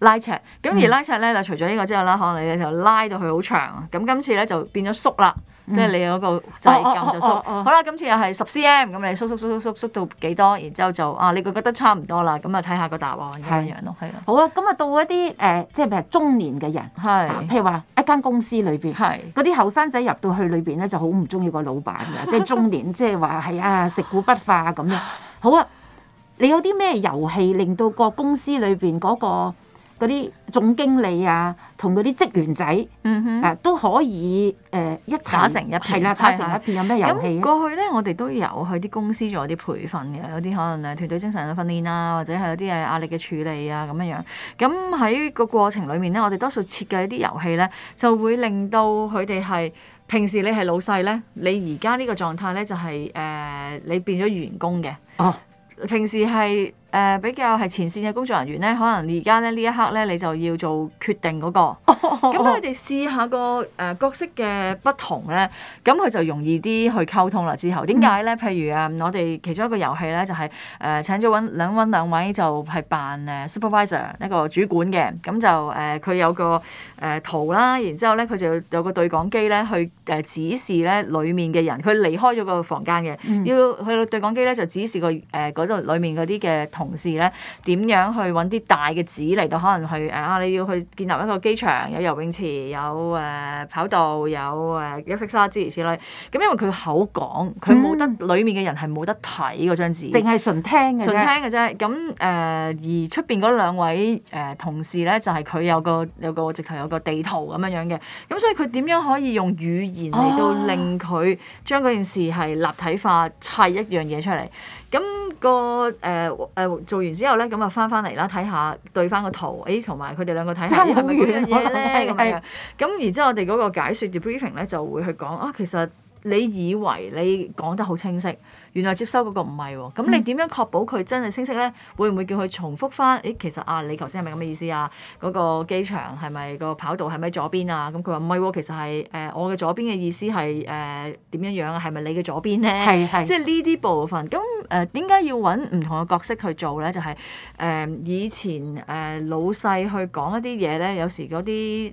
Speaker 2: 拉尺，咁而拉尺咧就除咗呢個之後啦，可能你就拉到佢好長。咁今次咧就變咗縮啦，嗯、即係你嗰個掣撳就縮。好啦，今次又係十 cm，咁你縮縮縮縮縮縮縮縮到幾多？然之後就啊，你覺得差唔多啦，咁啊睇下個答案咁是樣
Speaker 1: 樣咯，係啦。好啊，咁啊到一啲誒、呃，即係是譬如中年嘅人，係譬如話一間公司裏邊，係嗰啲後生仔入到去裏邊咧，就好唔中意個老闆嘅，即係 中年，即係話係啊食古不化咁樣。好啊，你有啲咩遊戲令到個公司裏邊嗰個？嗰啲總經理啊，同嗰啲職員仔，誒、嗯哼啊、
Speaker 2: 都可以誒、呃、一打成一片，啦的，打成一片有咩遊戲咧、啊嗯？過去咧，我哋都有去啲公司做啲培訓嘅，有啲可能係團隊精神嘅訓練啊，或者係有啲係壓力嘅處理啊咁樣樣。咁喺個過程裏面咧，我哋多數設計一啲遊戲咧，就會令到佢哋係平時你係老細咧，你而家呢個狀態咧就係、是、誒、呃、你變咗員工嘅。哦，平時係。誒、呃、比較係前線嘅工作人員咧，可能而家咧呢一刻咧，你就要做決定嗰個。咁佢哋試下個誒、呃、角色嘅不同咧，咁佢就容易啲去溝通啦。之後點解咧？呢嗯、譬如啊，我哋其中一個遊戲咧，就係、誒、呃、請咗揾兩,兩,兩位就係扮誒 supervisor 一個主管嘅。咁、嗯、就誒佢、呃、有個誒、呃、圖啦，然之後咧佢就有個對講機咧去誒、呃、指示咧裏面嘅人，佢離開咗個房間嘅，嗯、要去對講機咧就指示個誒度裏面嗰啲嘅。同事咧點樣去揾啲大嘅紙嚟到？可能去誒啊！你要去建立一個機場，有游泳池，有誒、啊、跑道，有誒休息室之類。咁因為佢口講，佢冇得、嗯、裡面嘅人係冇得睇嗰張紙，淨係純聽嘅，純聽嘅啫。咁誒、呃、而出邊嗰兩位誒、呃、同事咧，就係、是、佢有個有個直頭有個地圖咁樣樣嘅。咁所以佢點樣可以用語言嚟到令佢將嗰件事係立體化砌一樣嘢出嚟？咁個誒誒、呃呃、做完之後咧，咁啊翻翻嚟啦，睇下對翻個圖，誒同埋佢哋兩個睇下係咪一樣嘢咧，咁樣。咁的然之後我哋嗰個解説 debriefing 咧，就會去講啊，其實你以為你講得好清晰。原來接收嗰個唔係喎，咁、嗯、你點樣確保佢真係清晰咧？會唔會叫佢重複翻？誒、哎，其實啊，你頭先係咪咁嘅意思啊？嗰、嗰個機場係咪個跑道係咪左邊啊？咁佢話唔係喎，其實係誒、呃、我嘅左邊嘅意思係誒點樣樣啊？係咪你嘅左邊咧？係係。即係呢啲部分。咁誒點解要揾唔同嘅角色去做咧？就係、係、誒、呃、以前誒、呃、老細去講一啲嘢咧，有時嗰啲誒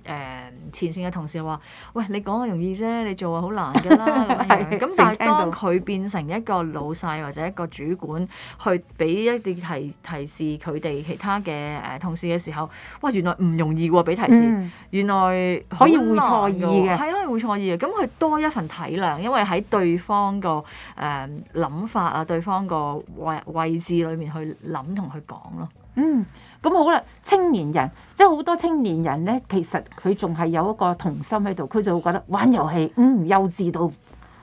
Speaker 2: 前線嘅同事話：喂，你講啊容易啫，你做啊好難㗎啦。咁但係當佢變成一個老細或者一個主管去俾一啲提提示佢哋其他嘅誒同事嘅時候，哇！原來唔容易喎、啊，俾提示原來、嗯、可以會錯意嘅，係可以會錯意嘅。咁、嗯、佢多一份體諒，因為喺對方個誒諗法啊，對方個位位置裏面去諗同佢講咯。嗯，
Speaker 1: 咁好啦，青年人即係好多青年人咧，其實佢仲係有一個童心喺度，佢就會覺得玩遊戲，嗯，幼稚到～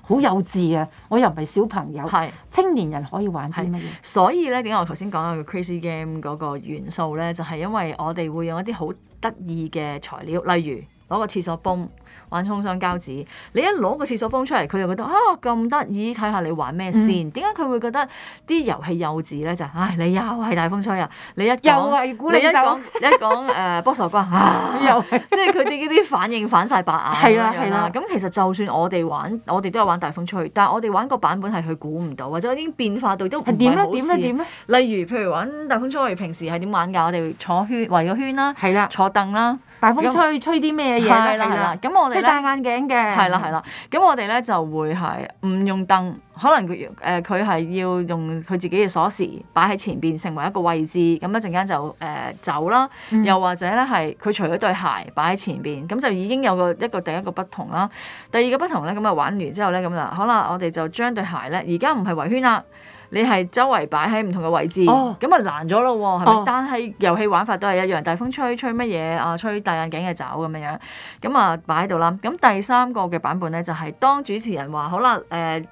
Speaker 1: 好幼稚啊！我又唔係小朋友，係
Speaker 2: 是青年人可以玩啲乜嘢？所以咧，點解我頭先講個 Crazy Game 嗰、那個元素咧？就係、是、因為我哋會用一啲好得意嘅材料，例如，攞個廁所泵玩充上膠紙，你一攞個廁所泵出嚟，佢又覺得啊，咁得意，睇下你玩咩先？點解佢會覺得啲遊戲幼稚咧？就唉、係哎，你又係大風吹啊！你一講，又你一講， 一講誒、呃、波士頓啊，又係，即係佢啲嗰啲反應反曬白眼咁樣啦。咁 的其實就算我哋玩，我哋都有玩大風吹，但係我哋玩個版本係佢估唔到，或者已經變化到都唔係好似。點咧？點咧？點咧？例如，譬如玩大風吹，平時係點玩㗎？我哋坐圈圍個圈啦，的的坐凳啦。大風吹吹啲咩嘢？係啦係啦，咁我哋戴眼鏡
Speaker 1: 嘅係啦係啦。
Speaker 2: 咁我哋咧就會係唔用凳，可能佢誒佢係要用佢自己嘅鎖匙擺喺前邊，成為一個位置。咁一陣間就誒走啦，又或者咧係佢除咗對鞋擺喺前邊，咁、嗯、就已經有個一個第一個不同啦。第二個不同咧，咁啊玩完之後咧咁啦，好啦，我哋就將對鞋咧，而家唔係圍圈啦。你係周圍擺喺唔同嘅位置，咁啊、oh. 難咗咯喎，係咪？Oh. 但係遊戲玩法都係一樣，大風吹吹乜嘢啊？吹戴眼鏡嘅走咁樣樣，咁啊擺喺度啦。咁第三個嘅版本咧，就係、是、當主持人話好啦，誒、呃、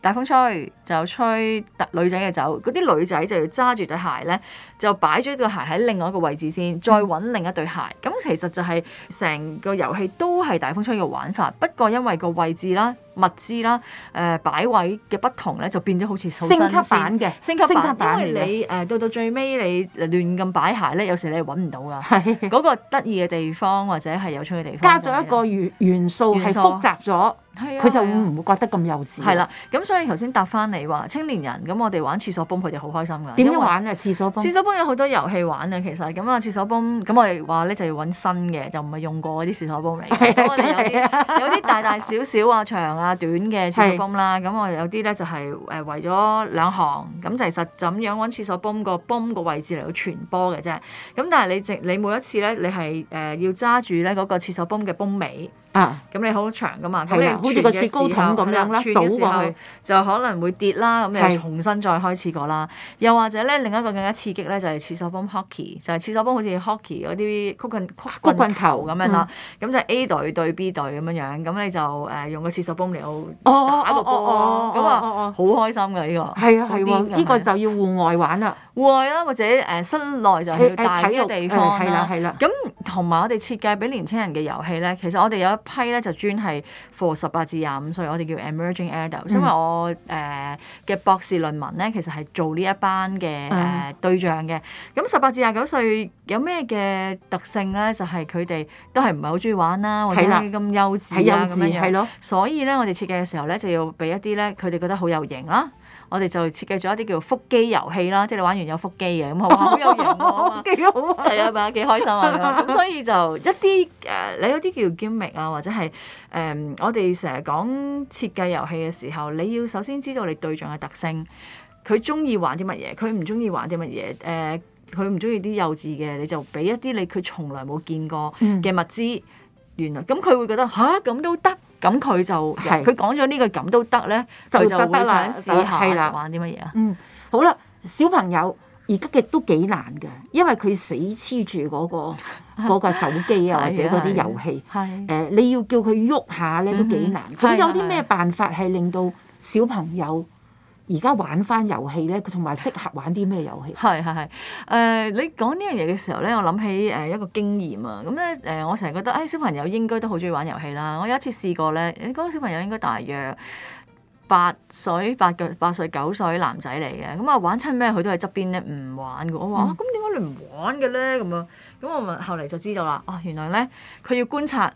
Speaker 2: 大風吹就吹女仔嘅走，嗰啲女仔就要揸住對鞋咧，就擺咗對鞋喺另外一個位置先，再揾另一對鞋。咁、嗯、其實就係成個遊戲都係大風吹嘅玩法，不過因為個位置啦。物資啦，誒擺位嘅不同咧，就變咗好似升級版嘅，升級版因為你誒到到最尾你亂咁擺鞋咧，有時你揾唔到噶。係嗰個得意嘅地方或者係有趣嘅地方。加咗一個元元素係複雜咗，佢就會唔會覺
Speaker 1: 得咁幼稚？係啦，
Speaker 2: 咁所以頭先答翻你話，青年人咁我哋玩廁所泵，佢哋好開心㗎。點樣玩咧？廁所泵。廁所泵有好多遊戲玩嘅，其實咁啊，廁所泵咁我哋話咧就要揾新嘅，就唔係用過嗰啲廁所泵嚟。嘅。啊係有啲大大小小啊，長啊。啊，短嘅廁所泵啦，咁我是有啲咧就係誒為咗兩行，咁其實就咁樣揾廁所泵個泵個位置嚟去傳波嘅啫，咁但係你直你每一次咧，你係誒、呃、要揸住咧嗰個廁所泵嘅泵尾。啊！咁你好長噶嘛，佢好似個雪糕筒咁樣啦，倒過去就可能會跌啦。咁你重新再開始過啦。又或者咧，另一個更加刺激咧，就係廁所幫 hockey，就係廁所幫好似 hockey 嗰啲曲棍曲棍球咁樣啦。咁就 A 隊對 B 隊咁樣樣，咁你就誒用個廁所幫嚟打個波咯。咁啊，好開心㗎呢個。係啊，係呢個就要戶外玩啦，戶外啦，或者誒室內就要大啲嘅地方啦。係啦，係啦。咁同埋我哋設計俾年青人嘅遊戲咧，其實我哋有。一。批咧就專係 for 十八至廿五歲，我哋叫 emerging adults、嗯。因為我誒嘅博士論文咧，其實係做呢一班嘅對象嘅。咁十八至廿九歲有咩嘅特性咧？就係佢哋都係唔係好中意玩啦，或者咁幼稚啊咁樣。係幼稚，係咯。的所以咧，我哋設計嘅時候咧，就要俾一啲咧，佢哋覺得好有型啦。我哋就設計咗一啲叫腹肌遊戲啦，即係你玩完有腹肌嘅，咁好有型喎、啊，幾 好啊！係啊嘛，幾開心啊！咁 所以就一啲誒，你、呃、有啲叫 gimmick 啊，或者係誒、呃，我哋成日講設計遊戲嘅時候，你要首先知道你對象嘅特性，佢中意玩啲乜嘢，佢唔中意玩啲乜嘢，誒、呃，佢唔中意啲幼稚嘅，你就俾一啲你佢從來冇見過嘅物資。嗯。咁佢會覺得吓，咁都得，咁佢就佢係講咗、呢個、呢個咁都得咧，就覺得難試下玩啲乜嘢啊？嗯，
Speaker 1: 好啦，小朋友而家亦都幾難㗎，因為佢死黐住嗰個嗰個手機啊，或者嗰啲遊戲，誒、呃，你要叫佢喐下咧都幾難。咁、嗯、有啲咩辦法係令到小朋友？而
Speaker 2: 家玩返遊戲咧，佢同埋適合玩啲咩遊戲？係係係。誒、 呃，你講呢樣嘢嘅時候咧，我諗起誒一個經驗啊。咁咧誒，我成日覺得誒、哎、小朋友應該都好鍾意玩遊戲啦。我有一次試過咧，嗰、那個小朋友應該大約八歲、八歲、八歲九歲男仔嚟嘅。咁、嗯、啊，玩親咩佢都喺側邊咧唔玩嘅。我話：「咁點解你唔玩嘅咧？」咁樣？咁我問後嚟就知道啦。哦、啊，原來咧佢要觀察，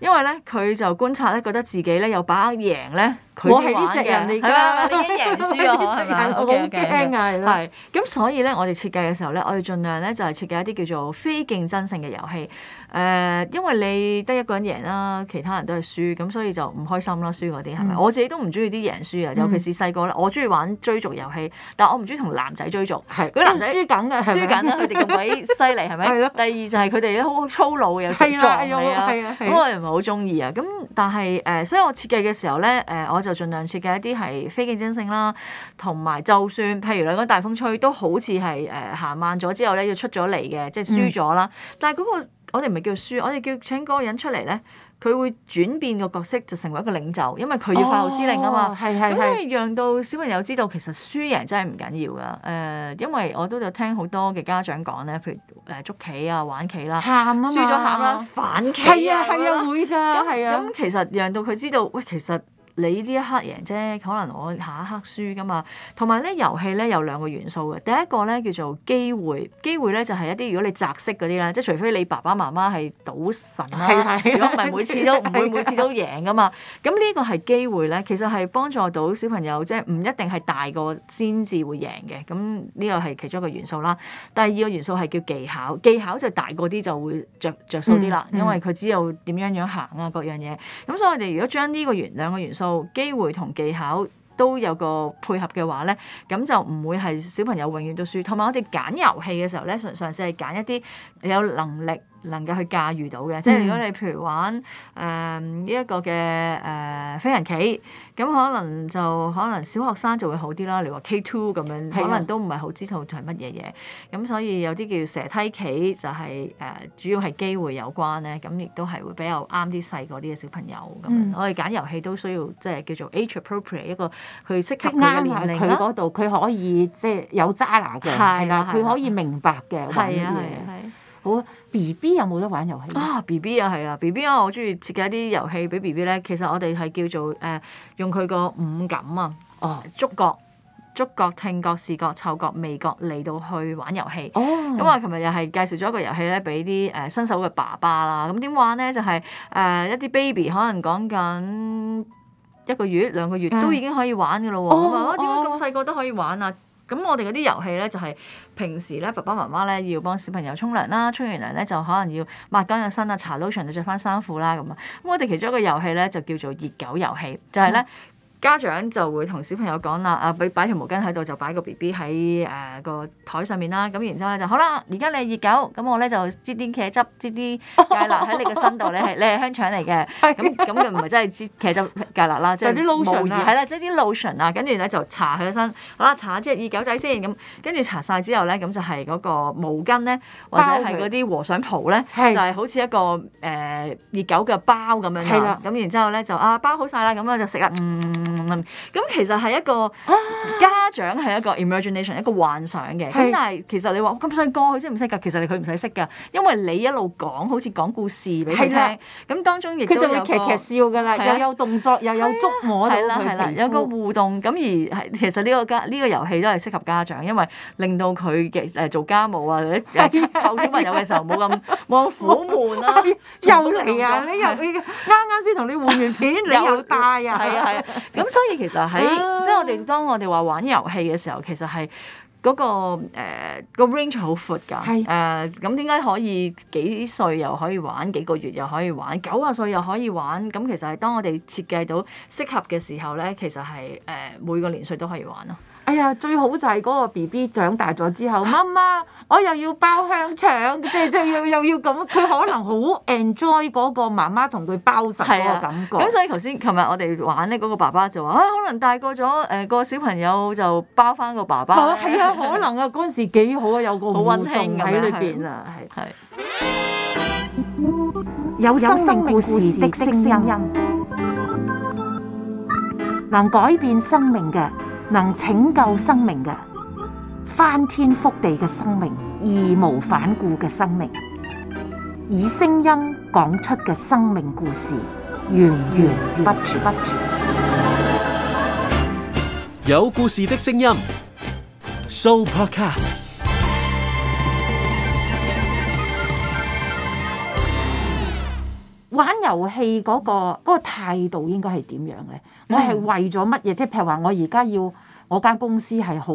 Speaker 2: 因為咧佢就觀察咧，覺得自己咧有把握贏咧。我係呢隻人嚟㗎，我已經贏輸㗎啦嘛，我好驚㗎。係，咁所以咧，我哋設計嘅時候咧，我哋盡量咧就係設計一啲叫做非競爭性嘅遊戲。誒，因為你得一個人贏啦，其他人都係輸，咁所以就唔開心啦，輸嗰啲係咪？我自己都唔中意啲贏輸啊，尤其是細個咧，我中意玩追逐遊戲，但我唔中意同男仔追逐。係。佢男仔輸緊㗎，輸緊啦，佢哋咁鬼犀利係咪？第二就係佢哋咧好粗魯又實在啊，咁我又唔係好中意啊。咁但係誒，所以我設計嘅時候咧，誒我。就盡量設計一啲係非競爭性啦，同埋就算譬如你講大風吹，都好似係誒行慢咗之後咧，要出咗嚟嘅，即、就、係、是、輸咗啦。嗯、但係、那、嗰個我哋唔係叫輸，我哋叫請嗰個人出嚟咧，佢會轉變個角色，就成為一個領袖，因為佢要發號施令啊嘛。係係係。咁係讓到小朋友知道，其實輸贏真係唔緊要噶。誒、呃，因為我都有聽好多嘅家長講咧，譬如誒捉、呃、棋啊、玩棋啦、啊，嘛輸咗喊啦，反棋啊，係啊係啊會㗎。咁咁 其實讓到佢知道，喂，其實。你呢一刻贏啫，可能我下一刻輸噶嘛。同埋咧，遊戲咧有兩個元素嘅，第一個咧叫做機會，機會咧就係、是、一啲如果你擲色嗰啲咧，即除非你爸爸媽媽係賭神啦、啊，如果唔係每次都唔 會每次都贏噶嘛。咁呢 個係機會咧，其實係幫助到小朋友，即係唔一定係大個先至會贏嘅。咁呢個係其中一個元素啦。第二個元素係叫技巧，技巧就大個啲就會着着數啲啦，嗯嗯、因為佢知道點樣樣行啊，各樣嘢。咁所以我哋如果將呢個元兩個元素，機會同技巧都有個配合嘅話咧，咁就唔會係小朋友永遠都輸。同埋我哋揀遊戲嘅時候咧，嘗嘗試係揀一啲有能力，能夠去駕馭到嘅，即係如果你譬如玩誒呢一個嘅誒飛行棋，咁、嗯、可能就可能小學生就會好啲啦。你話 K two 咁樣，啊、可能都唔係好知道係乜嘢嘢。咁、嗯啊、所以有啲叫蛇梯棋，就係、是、誒、呃、主要係機會有關咧。咁亦都係會比較啱啲細個啲嘅小朋友咁。我哋揀遊戲都需要即係叫做 age appropriate 一個佢適合嘅年齡，佢嗰
Speaker 1: 度佢可以即係有揸拿嘅係啦，佢可以明白嘅玩呢啲嘢，好。B B 有冇得玩遊戲啊
Speaker 2: ？B B 啊，係啊，B B 啊，啊，我中意設計一啲遊戲俾 B B 咧。其實我哋係叫做誒、呃、用佢個五感啊，哦，觸覺、觸覺、聽覺、視覺、嗅覺、味覺嚟到去玩遊戲。咁我琴日又係介紹咗一個遊戲咧俾啲誒新手嘅爸爸啦。咁、啊、點玩咧？就係、是、誒、呃、一啲 baby 可能講緊一個月兩個月都已經可以玩㗎咯喎。哦，點解咁細個都可以玩啊？咁我哋嗰啲遊戲咧就係、是、平時咧，爸爸媽媽咧要幫小朋友沖涼啦，沖完涼咧就可能要抹乾個身啊，擦 lotion 就著翻衫褲啦咁啊。咁我哋其中一個遊戲咧就叫做熱狗遊戲，就係、是、咧。嗯家長就會同小朋友講啦，啊，俾擺條毛巾喺度，就擺個 B B 喺誒個台上面啦。咁然之後咧就好啦。而家你係熱狗，咁我咧就擠啲茄汁、擠啲芥辣喺你個身度。 你係你係香腸嚟嘅，咁咁就唔係真係擠茄汁芥辣啦，即係啲 l o t 係啦，即係啲 lotion 啊。跟住咧就搽佢個身。好啦，搽下先熱狗仔先。咁跟住搽晒之後咧，咁就係嗰個毛巾咧，或者係嗰啲和尚袍咧，他就係好似一個誒、呃、熱狗嘅包咁樣啦。咁的 然之後咧就啊包好晒啦，咁啊就食啦。嗯。咁、嗯嗯、其實係一個家長係一個 imagination 一個幻想嘅。咁，但係其實你話咁細個佢先唔識㗎，其實佢唔使識㗎，因為你一路講好似講故事俾佢聽，咁的當中亦佢就會劇劇笑㗎啦，又有，的又有
Speaker 1: 動作，又有觸摸到佢皮膚，有個
Speaker 2: 互動。咁而其實呢個家呢、呢個遊戲都係適合家長，因為令到佢誒做家務啊，或者誒湊小朋友嘅時候冇咁冇咁苦悶啦。了又嚟啊！對 你又啱啱先同你換完片，你又帶啊！ 咁、嗯、所以其實喺、oh. 即係我哋當我哋話玩遊戲嘅時候，其實係嗰、那個誒、uh, range 好闊㗎。誒咁點解可以幾歲又可以玩，幾個月又可以玩，九十歲又可以玩？咁其實係當我哋設計到適合嘅時候咧，其實係誒、uh, 每個年歲都可以玩咯。
Speaker 1: 哎呀，最好就係嗰個 B B 長大咗之後， 媽媽我又要包香腸，即係 又要咁，佢可能好 enjoy 嗰個媽媽同佢包實嗰個感覺。咁、啊、所
Speaker 2: 以頭先琴日我哋玩呢嗰個爸爸就話啊、哎，可能大個咗誒、呃嗰個小朋友就包翻個爸爸。哦、 啊，係啊，可能
Speaker 1: 啊，嗰陣時幾好啊，有個互動喺裏邊啊，係、啊。啊啊、有生命故事的聲音，能改變生命嘅。能拯救生命嘅翻天覆地嘅生命，義無反顧嘅生命，以聲音講出嘅生命故事，源源不絕。有故事的聲音，Supercar。玩遊戲嗰個嗰個態度應該係點樣咧？我係為咗乜嘢？即係譬如話，我而家要我間公司係好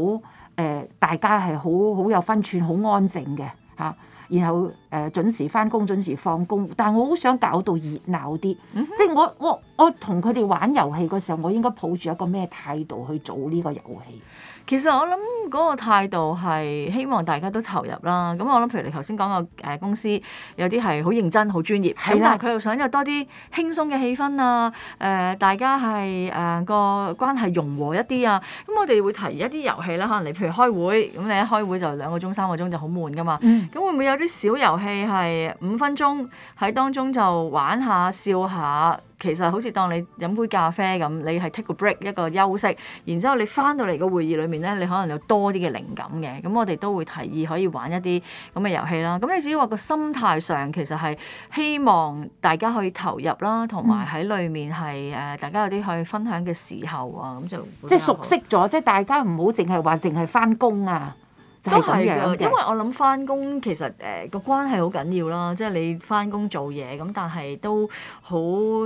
Speaker 1: 誒，大家係好好有分寸、好安靜嘅嚇。然後誒、呃，準時翻工、準時放工。但我好想搞到熱鬧啲，mm hmm. 即係我
Speaker 2: 我我同佢哋玩遊戲嗰時候，我應該抱住一個咩態度去做呢個遊戲？其實我諗嗰個態度係希望大家都投入啦。咁我諗譬如你頭先講個誒公司有啲係好認真、好專業，咁的但係佢又想有多啲輕鬆嘅氣氛啊。誒、呃，大家係誒、呃、個關係融和一啲啊。咁我哋會提一啲遊戲啦，可能你譬如開會，咁你一開會就兩個鐘、三個鐘就好悶㗎嘛。咁、嗯、會唔會有啲小遊戲係五分鐘喺當中就玩下、笑下？其實好似當你飲杯咖啡咁，你係 take a break 一個休息，然之後你翻到嚟個會議裏面咧，你可能有多啲嘅靈感嘅。咁我哋都會提議可以玩一啲咁嘅遊戲啦。咁你至於話個心態上，其實係希望大家可以投入啦，同埋喺裏面係誒大家有啲去分享嘅時候啊，咁就即係熟
Speaker 1: 悉咗，即係大家唔好淨係話淨係翻工啊。
Speaker 2: 都係嘅，因為我諗翻工其實誒個關係好緊要啦，即係你翻工做嘢咁，但係都好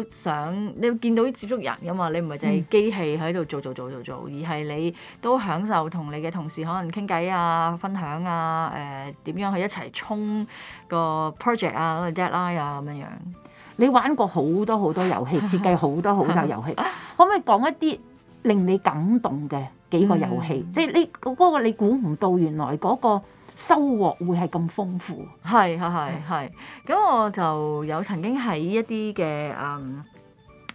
Speaker 2: 想你會見到啲接觸人噶嘛，你唔係淨係機器喺度做做做做做，而係你都享受同你嘅同事可能傾偈啊、分享啊、誒點樣去一齊衝個 project 啊、deadline 啊咁樣。
Speaker 1: 你玩過好多好多遊戲， 設計好多好多遊戲， 可唔可以講一啲令你感動嘅？幾個遊戲，嗯、即係呢嗰個你估唔到，原來嗰個收穫會係咁豐富。
Speaker 2: 係係係係，咁係我就有曾經喺一啲嘅嗯。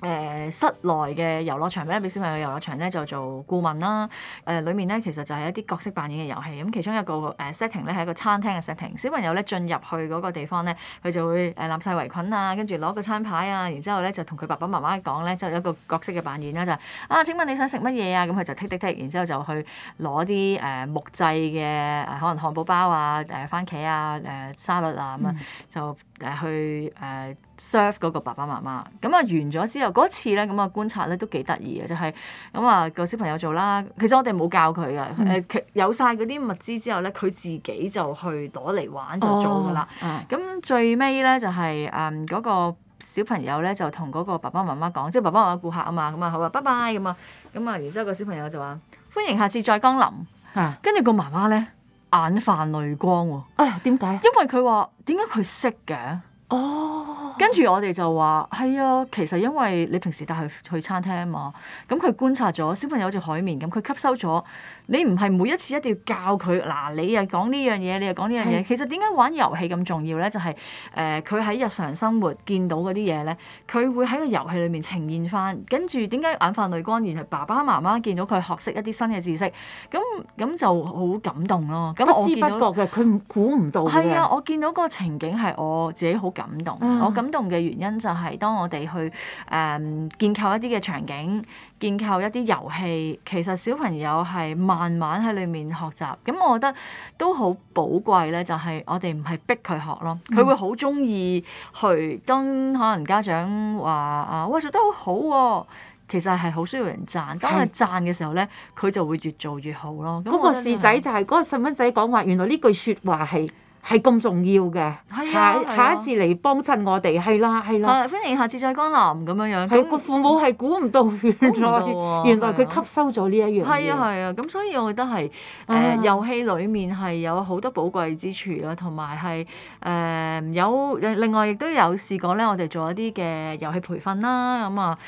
Speaker 2: 誒、呃、室內嘅遊樂場咧，俾小朋友遊樂場咧，就做顧問啦。誒、呃、裡面咧，其實就係一啲角色扮演嘅遊戲。咁、嗯、其中一個誒 setting 咧，係、呃、一個餐廳嘅 setting。小朋友咧，進入去嗰個地方咧，佢就會誒攬晒圍裙啊，跟住攞個餐牌啊，然之後咧就同佢爸爸媽媽講咧，就有、是、一個角色嘅扮演啦、啊，就是、啊，請問你想食乜嘢啊？咁、嗯、佢就 tick tick tick 然之後就去攞啲誒木製嘅誒、呃、可能漢堡包啊、誒、呃、番茄啊、誒、呃、沙律啊咁啊就。誒去誒 serve 嗰個爸爸媽媽，咁、嗯、啊完咗之後嗰次咧，咁、那、啊、個、觀察咧都幾得意嘅，就係咁啊個小朋友做啦，其實我哋冇教佢嘅，誒佢、嗯呃、有晒嗰啲物資之後咧，佢自己就去攞嚟玩就做㗎啦。咁、哦嗯嗯、最尾咧就係誒嗰個小朋友咧就同嗰個爸爸媽媽講，即係爸爸媽媽顧客啊嘛，咁、嗯、啊好啊，拜拜咁啊，咁、嗯、啊、嗯、然之後個小朋友就話歡迎下次再光臨，跟住、嗯、個媽媽咧。眼泛淚光喎，哎呀點解？因為佢話點解佢識嘅？哦。跟住我哋就話係啊，其實因為你平時帶佢去餐廳啊嘛，咁佢觀察咗小朋友好似海綿咁，佢吸收咗。你唔係每一次一定要教佢嗱、啊，你又講呢樣嘢，你又講呢樣嘢。是其實點解玩遊戲咁重要咧？就係、是、誒，佢、呃、喺日常生活見到嗰啲嘢咧，佢會喺個遊戲裏面呈現翻。跟住點解眼瞓淚光眼泛淚光？原來爸爸媽媽見到佢學識一啲新嘅知識，咁咁就好感動咯。咁我不知不覺嘅，佢估唔到嘅。係啊，我見到個情景係我自己好感動。嗯感動嘅原因就係當我哋去誒、嗯、建構一啲嘅場景，建構一啲遊戲，其實小朋友係慢慢喺裏面學習。咁我覺得都好寶貴咧，就係我哋唔係逼佢學咯，佢會好中意去跟可能家長話啊，喂做得好好、啊、喎。其實係好需要人讚，當佢讚嘅時候咧，佢就會越做越好咯。嗰、就是、個士
Speaker 1: 仔就係嗰個細蚊仔講話，原來呢句説話係。係咁重要嘅，係啊，下一次嚟幫襯我哋，係啦，係啦。係
Speaker 2: 歡迎下次再光臨咁樣
Speaker 1: 樣。係個父母係估唔到，原來原來佢吸收咗呢一樣。係啊係
Speaker 2: 啊，咁所以我覺得係誒遊戲裡面係有好多寶貴之處啦，同埋係誒有另外亦都有試過咧，我哋做一啲嘅遊戲培訓啦，咁啊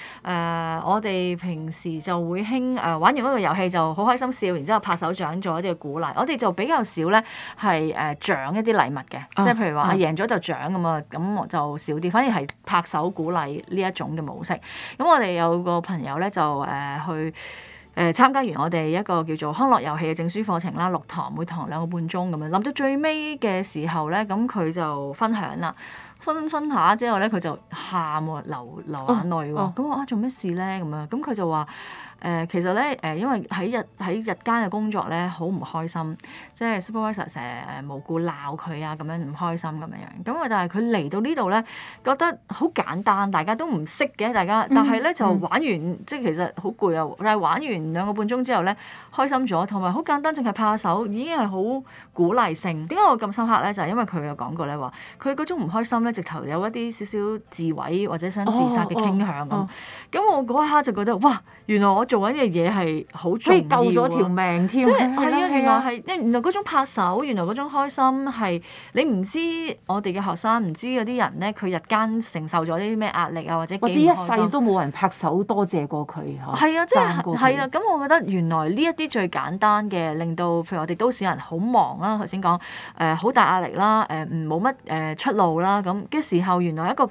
Speaker 2: 誒我哋平時就會興誒玩完嗰個遊戲就好開心笑，然之後拍手掌做一啲嘅鼓勵，我哋就比較少咧係誒獎啲禮物嘅，即係譬如話贏咗就獎咁啊，咁就少啲，反而係拍手鼓勵呢一種嘅模式。咁我哋有個朋友咧就誒、呃、去誒參、呃、加完我哋一個叫做康樂遊戲嘅證書課程啦，六堂每堂兩個半鐘咁樣，諗到最尾嘅時候咧，咁佢就分享啦，分分下之後咧佢就喊喎，流流眼淚喎，咁我、哦哦、啊做咩事咧咁樣，咁佢就話。誒、呃、其實咧，誒、呃、因為喺日喺日間嘅工作咧，好唔開心，即係 supervisor 成日無故鬧佢啊，咁樣唔開心咁樣樣。咁啊，但係佢嚟到呢度咧，覺得好簡單，大家都唔識嘅，大家。但係咧就玩完，嗯、即係其實好攰啊。但係玩完兩個半鐘之後咧，開心咗，同埋好簡單，淨係拍下手，已經係好鼓勵性。點解我咁深刻咧？就係、是、因為佢有講過咧，話佢嗰種唔開心咧，直頭有一啲少少自毀或者想自殺嘅傾向咁。咁、oh, oh, oh, oh. 我嗰一刻就覺得，哇！原來我做緊嘅嘢係好重要，即係救咗條命添。即係係啊，原來係，原來嗰種拍手，原來嗰種開心係你唔知我哋嘅學生，唔知有啲人咧，佢日間承受咗啲咩壓力啊，或者或者一世
Speaker 1: 都冇人拍手多謝過佢嚇。係的啊，即係係啊，
Speaker 2: 咁我覺得原來呢一啲最簡單嘅，令到譬如我哋都市人好忙啦，頭先講誒好大壓力啦，誒唔冇乜誒出路啦，咁嘅時候原來一個。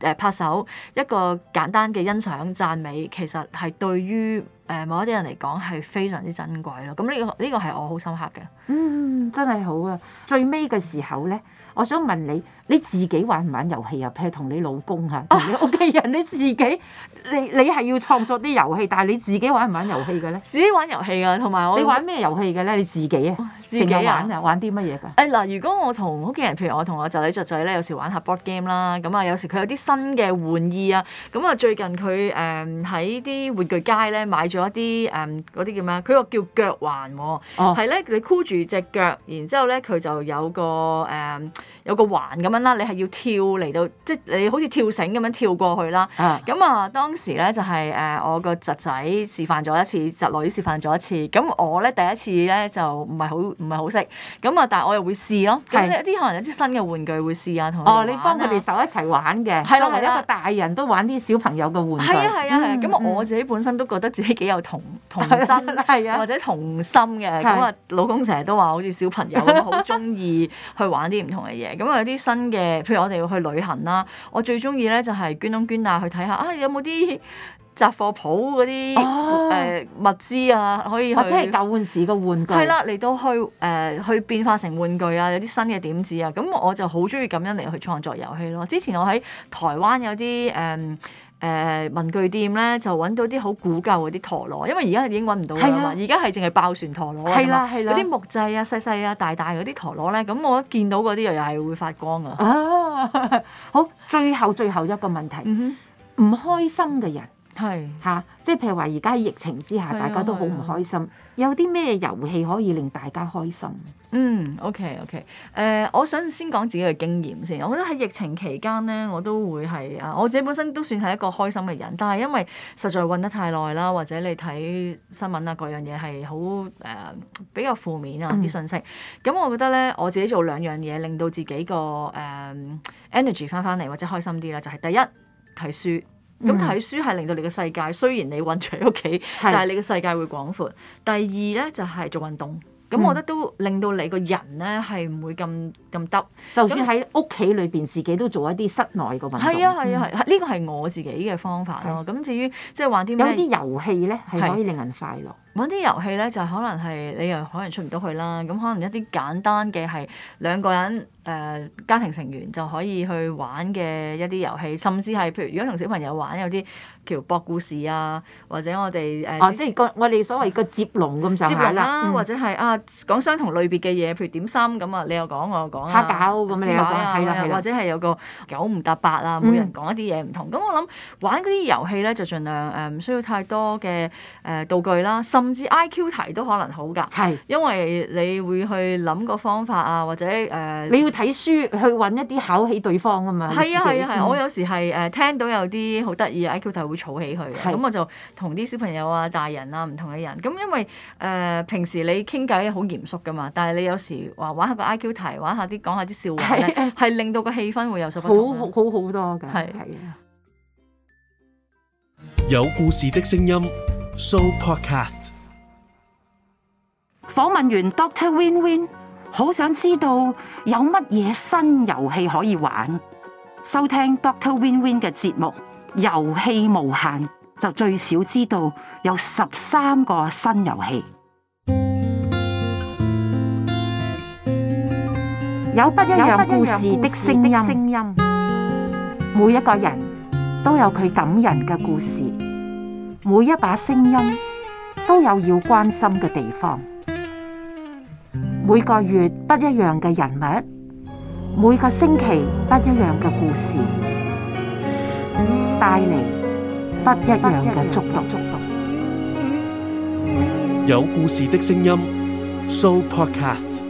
Speaker 2: 誒拍手一個簡單嘅欣賞讚美，其實係對於誒某一啲人嚟講係非常之珍貴咯。咁呢個呢個係我好深刻嘅。嗯，
Speaker 1: 真係好啊！最尾嘅時候咧，我想問你。你自己玩唔玩遊戲啊？譬如同你老公啊，同你屋企人，你自己，你你係要創作啲遊戲，但係你自己玩唔玩遊戲嘅咧？自己
Speaker 2: 玩遊戲啊，同埋我。你玩咩
Speaker 1: 遊戲嘅咧？你自己，自己啊，自己玩啊，玩啲乜嘢噶？
Speaker 2: 誒嗱、哎，如果我同屋企人，譬如我同我侄女、侄仔咧，有時玩下 board game 啦。咁啊，有時佢有啲新嘅玩意啊。咁啊，最近佢誒喺啲玩具街咧買咗一啲誒嗰啲叫咩？佢個叫腳環喎，係咧、哦，你箍住隻腳，然之後咧佢就有個誒。嗯有個環咁樣啦，你係要跳嚟到，即係你好似跳繩咁樣跳過去啦。咁啊，當時咧就係誒我個侄仔示範咗一次，侄女示範咗一次。咁我咧第一次咧就唔係好唔係好識。咁啊，但係我又會試咯。咁一啲可能有啲新嘅玩具會試啊，同你幫佢哋手一齊玩嘅，作為一個大人都玩啲小朋友嘅玩具。係啊係啊，咁我自己本身都覺得自己幾有童童真啦，或者童心嘅。咁啊，老公成日都話好似小朋友好中意去玩啲唔同嘅嘢。咁、嗯、有啲新嘅，譬如我哋要去旅行啦，我最中意咧就係捐窿捐罅啊，去睇下啊有冇啲雜貨鋪嗰啲誒物資啊，可以或者係舊
Speaker 1: 換時個玩具，係啦
Speaker 2: 嚟到去誒、呃、去變化成玩具啊，有啲新嘅點子啊，咁、嗯、我就好中意咁樣嚟去創作遊戲咯。之前我喺台灣有啲誒。嗯誒、呃、文具店咧就揾到啲好古舊嗰啲陀螺，因為而家已經揾唔到啦嘛，而家係淨係爆旋陀螺啊嘛，嗰啲、啊、木製啊細細啊大大嗰啲陀螺咧，咁我一見到嗰啲又又係會發光噶。啊、 好，最後最後一個問題，唔、嗯、哼唔
Speaker 1: 開心嘅人。係吓是，即係譬如話而家喺疫情之下，啊、大家都好唔開心。啊、有啲咩遊戲可以令大家開心？嗯
Speaker 2: ，OK OK。誒，我想先講自己嘅經驗先。我覺得喺疫情期間咧，我都會係啊，uh, 我自己本身都算係一個開心嘅人，但係因為實在韞得太耐啦，或者你睇新聞啊各樣嘢係好誒比較負面啊啲信息。咁、嗯、我覺得咧，我自己做兩樣嘢令到自己個誒、uh, energy 翻翻嚟或者開心啲咧，就係、是、第一睇書。咁睇、嗯、書係令到你個世界，雖然你韞住喺屋企，是但係你個世界會廣闊。第二咧就係、是、做運動，咁、嗯、我覺得都令到你個人咧係唔會咁咁耷。就算喺屋企裏邊自己都做一啲室內嘅運動。係啊係啊係，呢個係我自己嘅方法咯。咁、啊、至於即係玩啲有啲遊戲咧，係可以令人快樂。玩啲遊戲咧就可能係你又可能出唔到去啦。咁可能一啲簡單嘅係兩個人。誒家庭成員就可以去玩嘅一啲遊戲，甚至係譬如如果同小朋友玩有啲橋博故事啊，或者我哋誒即係
Speaker 1: 我哋所謂個接龍咁接下啦，或
Speaker 2: 者係啊講相同類別嘅嘢，譬如點心咁啊，你又講我又講蝦餃咁樣，或者係有個九唔搭八啊，每人講一啲嘢唔同。咁我諗玩嗰啲遊戲咧就盡量誒唔需要太多嘅誒道具啦，甚至 I Q 題都可能好㗎，因為你會去諗個方法啊，或者誒睇書
Speaker 1: 去揾一啲考起對方啊嘛！係 啊係啊係！我有
Speaker 2: 時係誒、呃、聽到有啲好得意嘅 I Q 題會吵起佢嘅，咁是我就同啲小朋友啊、大人啊、唔同嘅人咁，因為誒、呃、平時你傾偈好嚴肅噶嘛，但係你有時話玩下個 I Q 題，玩下啲講下啲笑話咧，係令到個氣氛會有十分好好好，好多嘅。係啊，啊
Speaker 1: 有故事的聲音 Show Podcast 訪問員 Doctor Win Win。Win? 好想知道有乜嘢新遊戲可以玩。收聽 Doctor Win Win 嘅節目《遊戲無限》，就最少知道有十三個新遊戲。有不一樣故事的聲音，有不一樣故事的聲音，每一個人都有佢感人嘅故事，每一把聲音都有要關心嘅地方。每個月不一樣嘅人物，每個星期不一樣嘅故事，帶嚟不一樣嘅觸動。觸動，有故事的聲音，Show Podcast。